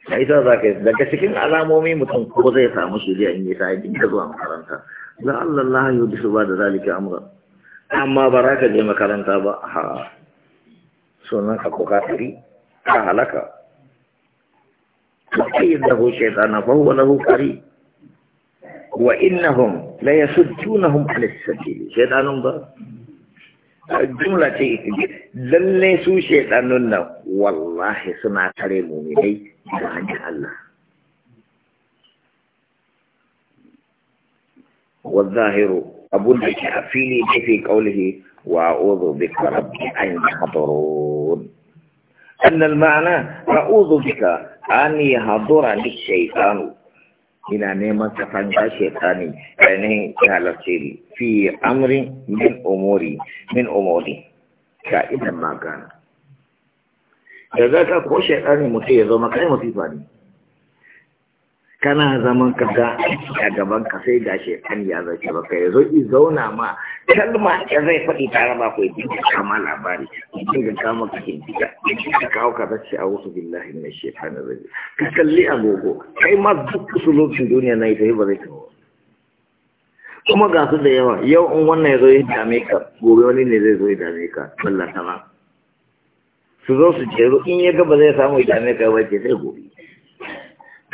ya isa za ka yi daga cikin alamomi mutum ko zai samu shirya in yi sa'adi da zuwa makaranta za Allah Allah da su ba da zalika amura. amma ba za ka je makaranta ba ha sunan ka ko kafiri ka halaka فإنه شيطان فهو له قريب su ليسدونهم عن السبيل nan ba. الجملة دللي سو شيطانونا والله سنا تريموني هي جاني الله والظاهر أبو الكافيلي في قوله وأعوذ بك ربي أن يحضرون أن المعنى أعوذ بك أن يحضرني الشيطان ina neman katanga tsani ainihin halarce ni fi amri min umuri min umuri ka idan magana da za ka ko shekani mutum ya zama kai musifa ne kana zaman ka ga a gaban ka sai ga shekan ya zai ba ka zo i zauna ma kalma ya zai faɗi tare ba ku yi kama labari idan ga kama ka ke diga ka kawo ka zace a wasu billahi na shekan da zai ka kalli agogo kai ma duk lokacin duniya na yi ba zai kawo kuma ga su da yawa yau in wannan ya zo ya dame ka gobe wani ne zai zo ya dame ka ballata su zo su jero in ya ga ba zai samu ya dame ka ba ke sai gobe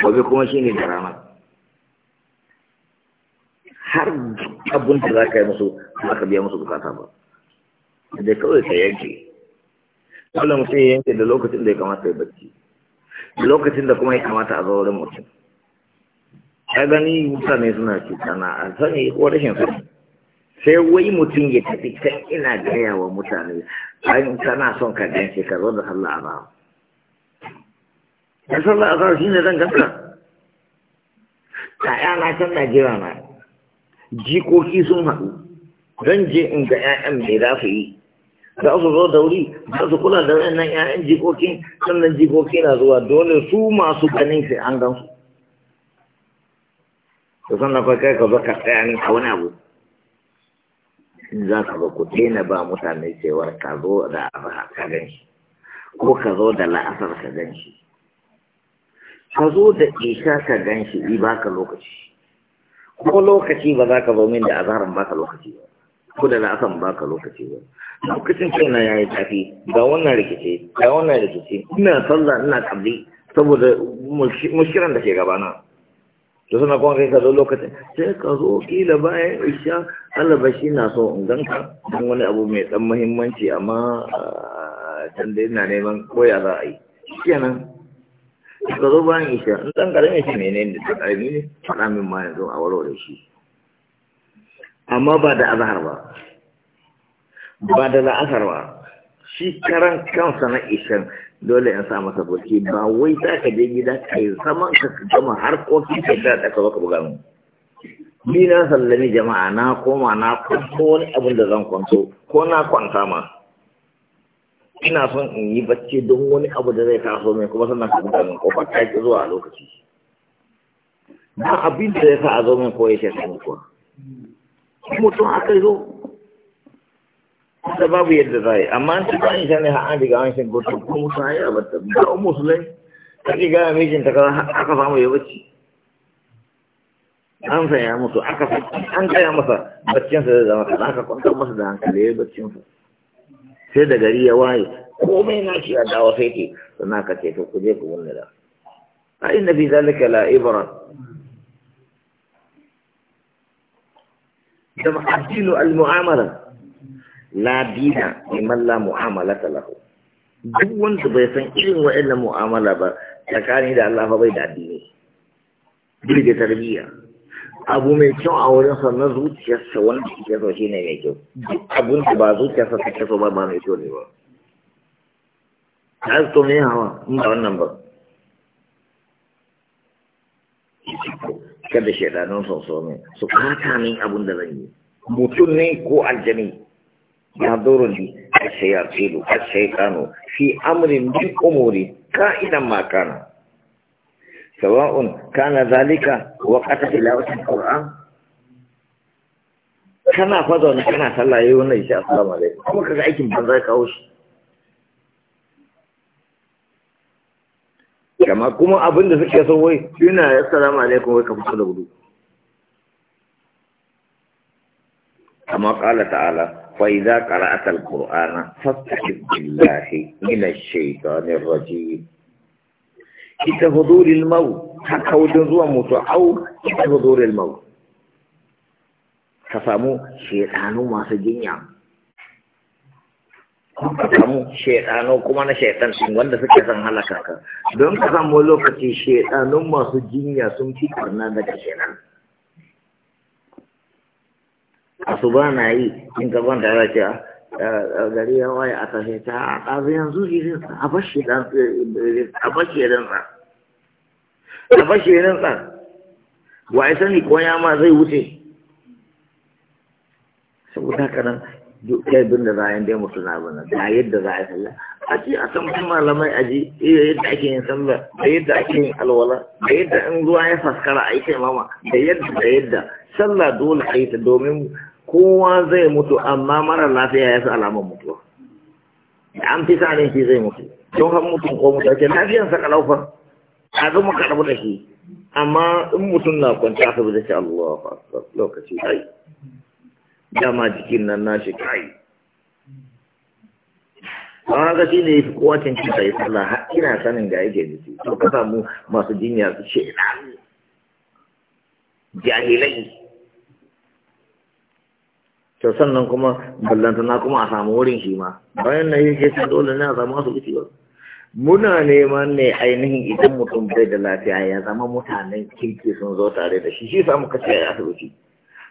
gobe kuma shi ne da har abin da za ka yi musu za ka biya musu bukata ba da kawai ka yanke dole mutum ya yanke da lokacin da ya kamata ya bacci lokacin da kuma ya kamata a zaurin mutum ya gani mutane suna ce tana a sani ko rashin sani sai wai mutum ya tafi can ina gaya wa mutane an tana son ka gan shekaru da sallah a da a azhar shi ne zan ganta ƴaƴana can Najeriya na jikoki sun haɗu zan je in ga ƴaƴan mai za su yi za su zo da wuri za su kula da wayannan ƴaƴan jikokin sannan jikoki na zuwa dole su masu ganin sai an gan su san na kai ka zo ka tsaya ni a wani abu in za ka zo ku daina ba mutane cewar ka zo da azhar ka gan shi ko ka zo da la'asar ka gan shi ka zo da isha ka gan shi yi baka lokaci ko lokaci ba za ka zo min da azaran baka lokaci ba ko da la'asan baka lokaci ba lokacin ke na yayi tafi ga wannan rikici ga wannan rikici ina sallah ina kabli saboda mushiran da ke na to suna kuma kai ka zo lokacin sai ka zo kila bayan isha alaba shi na so in ganka don wani abu mai dan muhimmanci amma can ah, dai yana neman koya za a yi kenan ka zo bayan isha in ɗan ƙarami shi ne ne da ƙarami ne faɗa min ma yanzu a da shi amma ba da azhar ba ba da la'asar ba shi karan kansa na ishan dole in sa masa burki ba wai za ka je gida ka yi Saman ka gama kofi ka da ka zo ka buga mu ni na sallami jama'a na koma na kwanto wani abin da zan kwanto ko na kwanta ma ina son in yi bacci don wani abu da zai taso mai kuma sannan ka buga min kofa ta yi zuwa a lokaci ba abin da ya sa a zo min koyi sai kuwa. mutuwa mutum aka zo da babu yadda za yi amma an ci bayan shani ha'an an riga an shi gotu ko mutum a yi abarta ba a musulai ta riga gaya mijin ta kaza aka samu ya bacci an saya musu aka an gaya masa baccinsa zai zama kaza aka kwantar masa da hankali ya yi baccinsa sai da gari ya waye komai na shi a dawa sai ke suna ka ce ku je ku wunne da a inda bi zalika nake la'ibara da ma'adilu al-mu'amala la dina malla mu'amala ta lahu duk wanda bai san irin wa'annan mu'amala ba tsakani da Allah fa bai da addini bai da tarbiyya abu mai kyau a sa na zuciyarsa wanda ke so shi ne mai kyau Abun da ba zuciyarsa ta ke so ba ba mai kyau ne ba ta yi to mai hawa in ba wannan ba kada shaidanun sun so min su kwanta min abun da zan yi mutum ne ko aljani ya doro ne a sai ya tsilo a sai kano fi amurin duk umuri ka'idan makana سواء كان ذلك وقت تلاوة القرآن كما فضل كما صلى يوم يسأل السلام عليكم كما aikin banza ka أوش kama kuma abin da suke so wai yana ya salamu alaikum wai ka fita da gudu kama kala ta'ala fa idza qara'ata al-qur'ana fasta'id billahi minash ita huduril mau haka wajen zuwa mutu au ita huduril mau ka samu shaidanu masu jinya ka samu shaidanu kuma na shaidan sun wanda suke son halaka ka don ka samu lokaci shaidanun masu jinya sun fi kwarna daga shaidan asuba na yi in ka kwanta ya ce ah, gari ya waye a ƙarshe ta a ƙazi yanzu irinsa a bashi a bashi irinsa a bashi irinsa wa ya sani ko ya ma zai wuce saboda haka nan kai bin da za a yi dai mutu na bana da yadda za a yi a ce a san kuma malamai a ji iya eh, yadda ake yin sallah da yadda ake yin alwala da yadda in zuwa ya faskara a yi taimama da yadda da yadda sallah dole a yi ta domin kowa zai mutu amma mara lafiya ya fi alamar mutuwa an fi sa shi zai mutu don har mutum ko mutu ake sa kalaufa a mu karbu da shi amma in mutum na kwanci aka bi shi Allah fa lokaci kai dama jikin nan nashi kai a ga shi ne kowa kowacin ta ya sallah har ina sanin ga yake jiki to ka samu masu jinya su ce jahilai to sannan kuma ballantana kuma a samu wurin shi ma bayan na yin shi dole ne a samu asibiti ba muna neman ne ainihin idan mutum bai da lafiya ya zama mutanen kirki sun zo tare da shi shi samu kace ya asibiti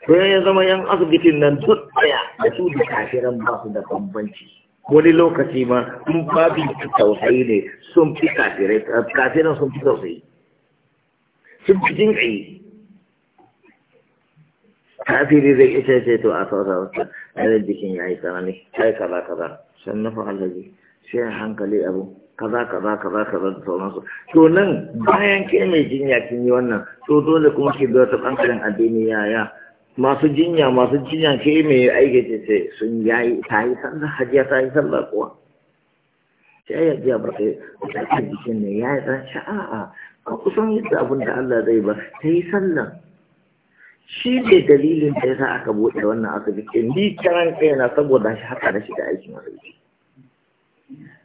to ya zama yan asibitin nan duk daya da su da kafiran ba su da bambanci wani lokaci ma sun babi tausayi ne sun fi kafiran sun fi tausayi sun fi jinƙai kafiri zai ita ce to a sauta wata ɗanar jikin ya yi tsanani sai kaza kaza san nufin allazi sai a hankali abu kaza kaza kaza kaza da sauransu to nan bayan ke mai jinya kin yi wannan to dole kuma ki bi wata ɓangaren addini yaya masu jinya masu jinya ke mai aiki ce ce sun yayi ta yi sallah hajiya ta yi sallah kuwa sai ya ji ba sai ta jikin ne ya yi ɗan sha'a a kusan yadda abin da Allah zai ba ta yi sallah shi ne dalilin da ya yasa aka buɗe wannan asibiti ni karan na, saboda shi haka da shiga aikin asibiti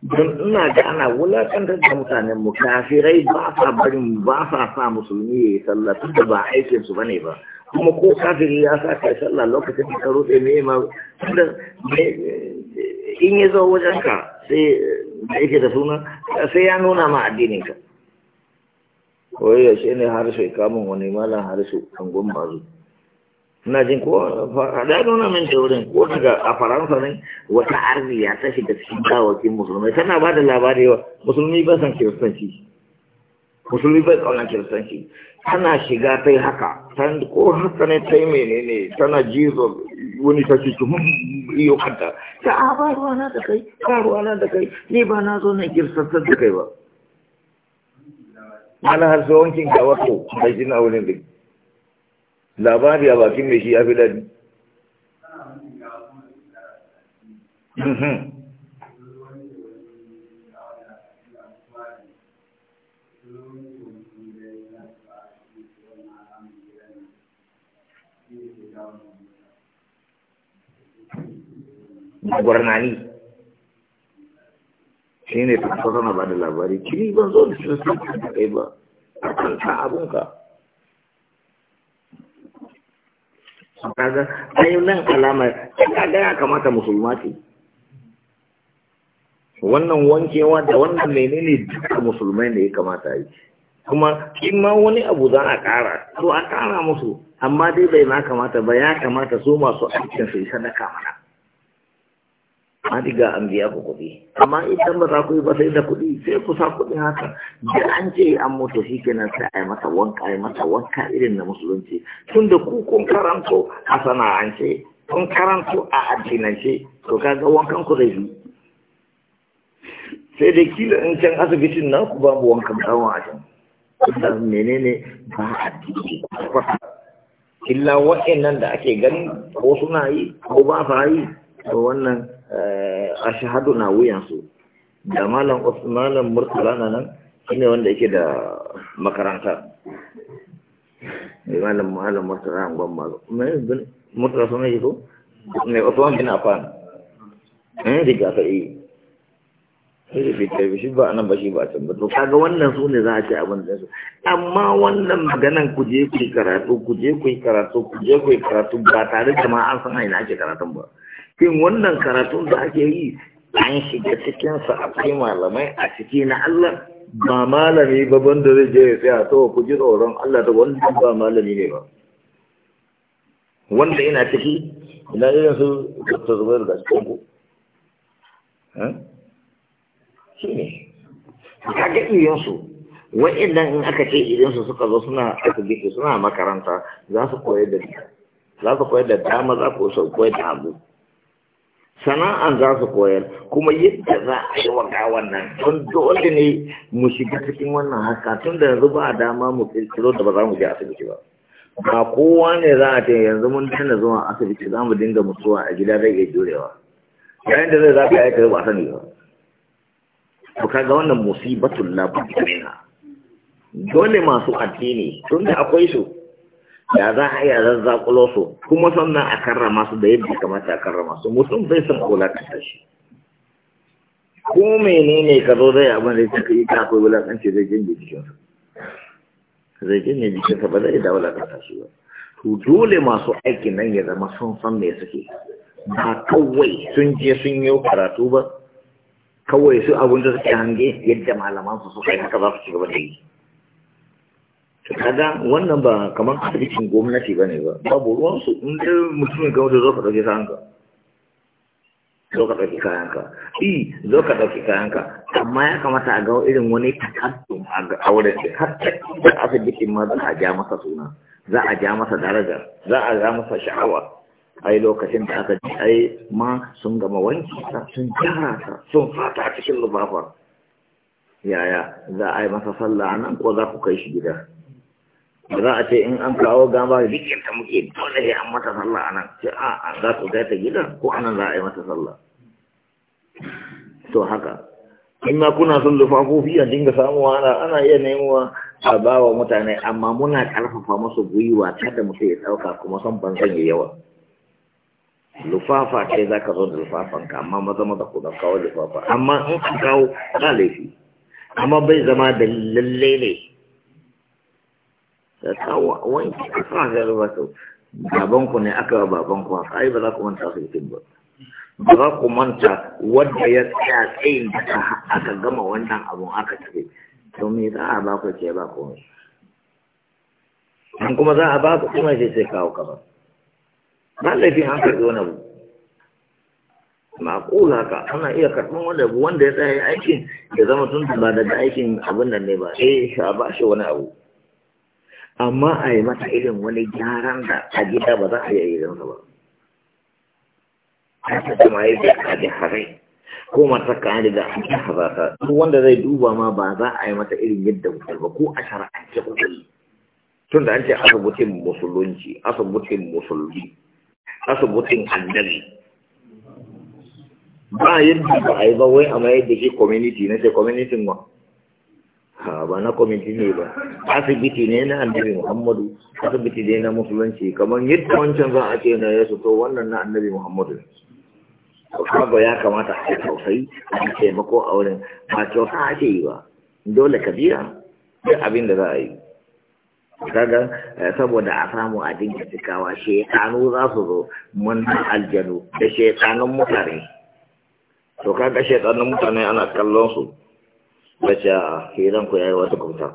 don ina ga ana wulakantar da mutanen mu kafirai ba sa barin ba sa sa musulmi ya yi sallah tun da ba aikin su bane ba kuma ko kafiri ya sa kai sallah lokacin da ka rufe me ma tunda in ya zo wajen ka sai da yake da suna sai ya nuna ma addinin ka wai yaushe ne harshe kamun wani malam harshe kan gumba zu ina jin ko da nuna min da ko daga a faransa ne wata arziya ta shiga cikin gawakin musulmai tana ba da labari wa musulmi ba san kiristanci musulmi ba san kiristanci tana shiga ta haka haka ko haka ne ta yi menene tana jizo wani ta cikin hun hmm, iyo kanta ta a ba ruwa na da kai ba ruwa na da kai ni ba na zo na kiristanci da kai ba mana har tsohon kin ka wato bai shi wurin labari a bakin mai shi ya fi daɗi mhm. gwarnani shi ne ta tana ba da labari kiri ban zo da shi da kai ba a kanta abinka kaga ai nan alamar kaga ya kamata musulma ce wannan wankewa da wannan menene duka musulmai ne ya kamata yi kuma in ma wani abu za a kara? to a kara musu amma dai bai ma kamata ba ya kamata su masu aikin su yi sadaka mana an riga an biya ku kuɗi amma idan ba za ku yi ba sai da kuɗi sai ku sa kuɗi haka da an ce an mutu shi kenan sai a yi masa wanka a yi masa wanka irin na musulunci tun da ku kun karanto a sana'ance kun karanto a addinance to kaga wankan ku zai sai da kila in can asibitin na ku babu wankan kawo a can menene ba a addini illa wa'annan da ake gani ko suna yi ko ba sa yi to wannan Eh, a shahadu na wuyansu da malam usmanin murtala na nan shine wanda yake da makaranta malam malam murtala an gwamma murtala sun yi ko ne usman bin afan eh diga ka yi sai fi ta shi ba nan ba shi ba can ba to kaga wannan su ne za a ce abin da su amma wannan maganan ku je ku yi karatu ku je ku yi karatu ku je ku yi karatu ba tare da ma an san aina ake karatun ba Shin wannan karatun da ake yi an shiga cikinsa kai malamai a ciki na Allah ba malami ba banda zai je ya tsaya to ku ji tsoron Allah da wanda ba malami ne ba wanda ina ciki ina irin su ta zubar da cikin ku shi ne ka ga iyansu wa'annan in aka ce su suka zo suna aka gefe suna makaranta za su koyar da za su koyar da dama za ku koyar da abu sana'an za su koyar kuma yadda za a yi wa wannan tun dole ne mu shiga cikin wannan haka tun da yanzu ba dama mu kirkiro da ba za mu je asibiti ba ba kowa ne za a ce yanzu mun dana zuwa asibiti za mu dinga mutuwa a gida zai iya jurewa yayin da zai za ka aika ba sani ba to kaga wannan musibatul la budda dole masu addini tun da akwai su ya za a iya zazzakulo su kuma sannan a karrama su da yadda kamata a karrama su mutum bai san ta tashi. ko ne ka zo zai abin da suka yi wulan akwai wulakanci zai cikin su? zai janye sa ba zai da wulakanta tashi ba to dole masu aikin nan ya zama sun san me suke ba kawai sun je sun yi karatu ba kawai su abin da suke hange yadda malaman su suka yi haka za su ci gaba da yi kaga wannan ba kamar asibitin gwamnati ba ne ba babu ruwansu inda mutumin gwamnati zo ka ɗauki kayanka zo ka ɗauki kayanka i zo ka ɗauki kayanka amma ya kamata a ga irin wani takaddum a wurin da har da asibitin ma za a ja masa suna za a ja masa daraja za a ja masa sha'awa ai lokacin da aka ji ai ma sun gama wanki ta sun gyara ta sun fata cikin lubafa yaya za a yi masa sallah nan ko za ku kai shi gida da za a ce in an kawo da rikin ta muke dole an mata sallah anan ce a za ku kai ta gidan ko anan za a yi mata sallah to haka in ma kuna son lufafofi a dinga samuwa ana ana iya nemuwa a ba mutane amma muna karfafa musu gwiwa kada mutum ya ɗauka kuma son ban zan yawa lufafa ce za ka zo da lufafanka amma maza maza ku kawo lufafa amma in an kawo ba laifi amma bai zama da lalle ne da ta wanki a sa ruwa sau babanku ne aka wa babanku a ai ba za ku manta su ba ba za ku manta wadda ya tsaya tsayin da aka gama wannan abun aka tafi to me za a ba ku ce ba wani, an kuma za a ba ku kuma sai sai kawo ka ba ba laifin an karɓi wani abu kula ka ana iya karɓan wanda wanda ya tsaya aikin ya zama tun ba daga aikin abin nan ne ba eh a ba shi wani abu amma a yi mata irin wani gyaran da a gida ba za a yi irin ba a ta kuma yi da a harai ko mata ka da a jihar ta wanda zai duba ma ba za a yi mata irin yadda wutar ba ko a shara'ance kuɗi tun da an ce asibitin musulunci asibitin musulmi asibitin annabi ba yadda ba a yi ba wai a mayar da shi community na ce community ma Bana ba na kwamiti ne ba asibiti ne na annabi muhammadu asibiti ne na musulunci kamar yadda wancan za a ce na yesu to wannan na annabi muhammadu ne kaga ya kamata a tausayi a taimako a wurin ba kyauta ake yi ba dole ka biya duk abin da za a yi kaga eh, saboda a samu a dinga cikawa shekanu za su zo mun aljanu da shekanun mutane to kaga shekanun mutane ana kallon su wacce a hiran ku yayi wata kauta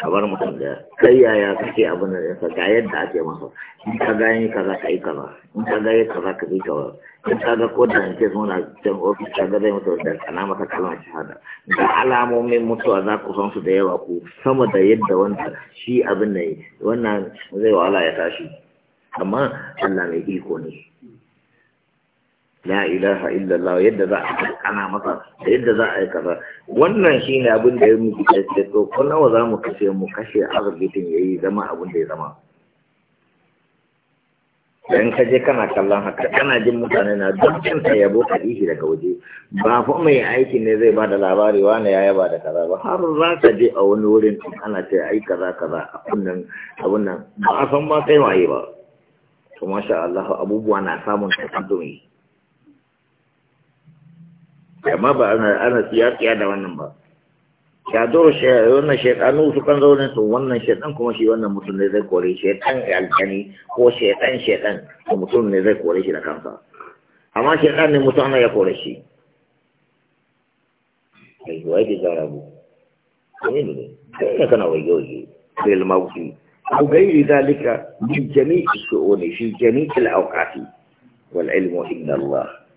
kamar mutum da kai yaya kake abin da yasa ga yadda ake masa in ka ga yin kaza ka yi kaza in ka ga yin kaza ka yi kaza in ka ga ko da yake suna can ofis ka ga zai mutu da kana masa kalmar shahada da alamomin mutuwa za ku san su da yawa ku sama da yadda wanda shi abin da yi wannan zai wahala ya tashi amma Allah mai iko ne la ilaha illallah yadda za a kana masa da yadda za a yi kaza wannan shine abin da ya mutu ce to ko nawa za mu kashe mu kashe arzikin yayi zama abin da ya zama dan kaje kana kallon haka kana jin mutane na dukkan ta yabo ka dishi daga waje ba fa mai aikin ne zai bada labari wani ya yaba da kaza ba har za ka je a wani wurin ana ce ai kaza kaza a kunnan abun nan ba a san ba kai waye ba to masha Allah abubuwa na samun takaddumi amma ba ana ana tsiya da wannan ba shi wannan shekanu su kan zaune su wannan shekan kuma shi wannan mutum ne zai kore shi shekan alkani ko shekan shekan da mutum ne zai kore shi da kansa amma shekan ne mutum ana ya kore shi ai wai da gara bu ne ne kai ne kana wai yoyi sai lamauki ko gairi dalika min jami'i shu'uni fi jami'il awqati wal ilmu inda Allah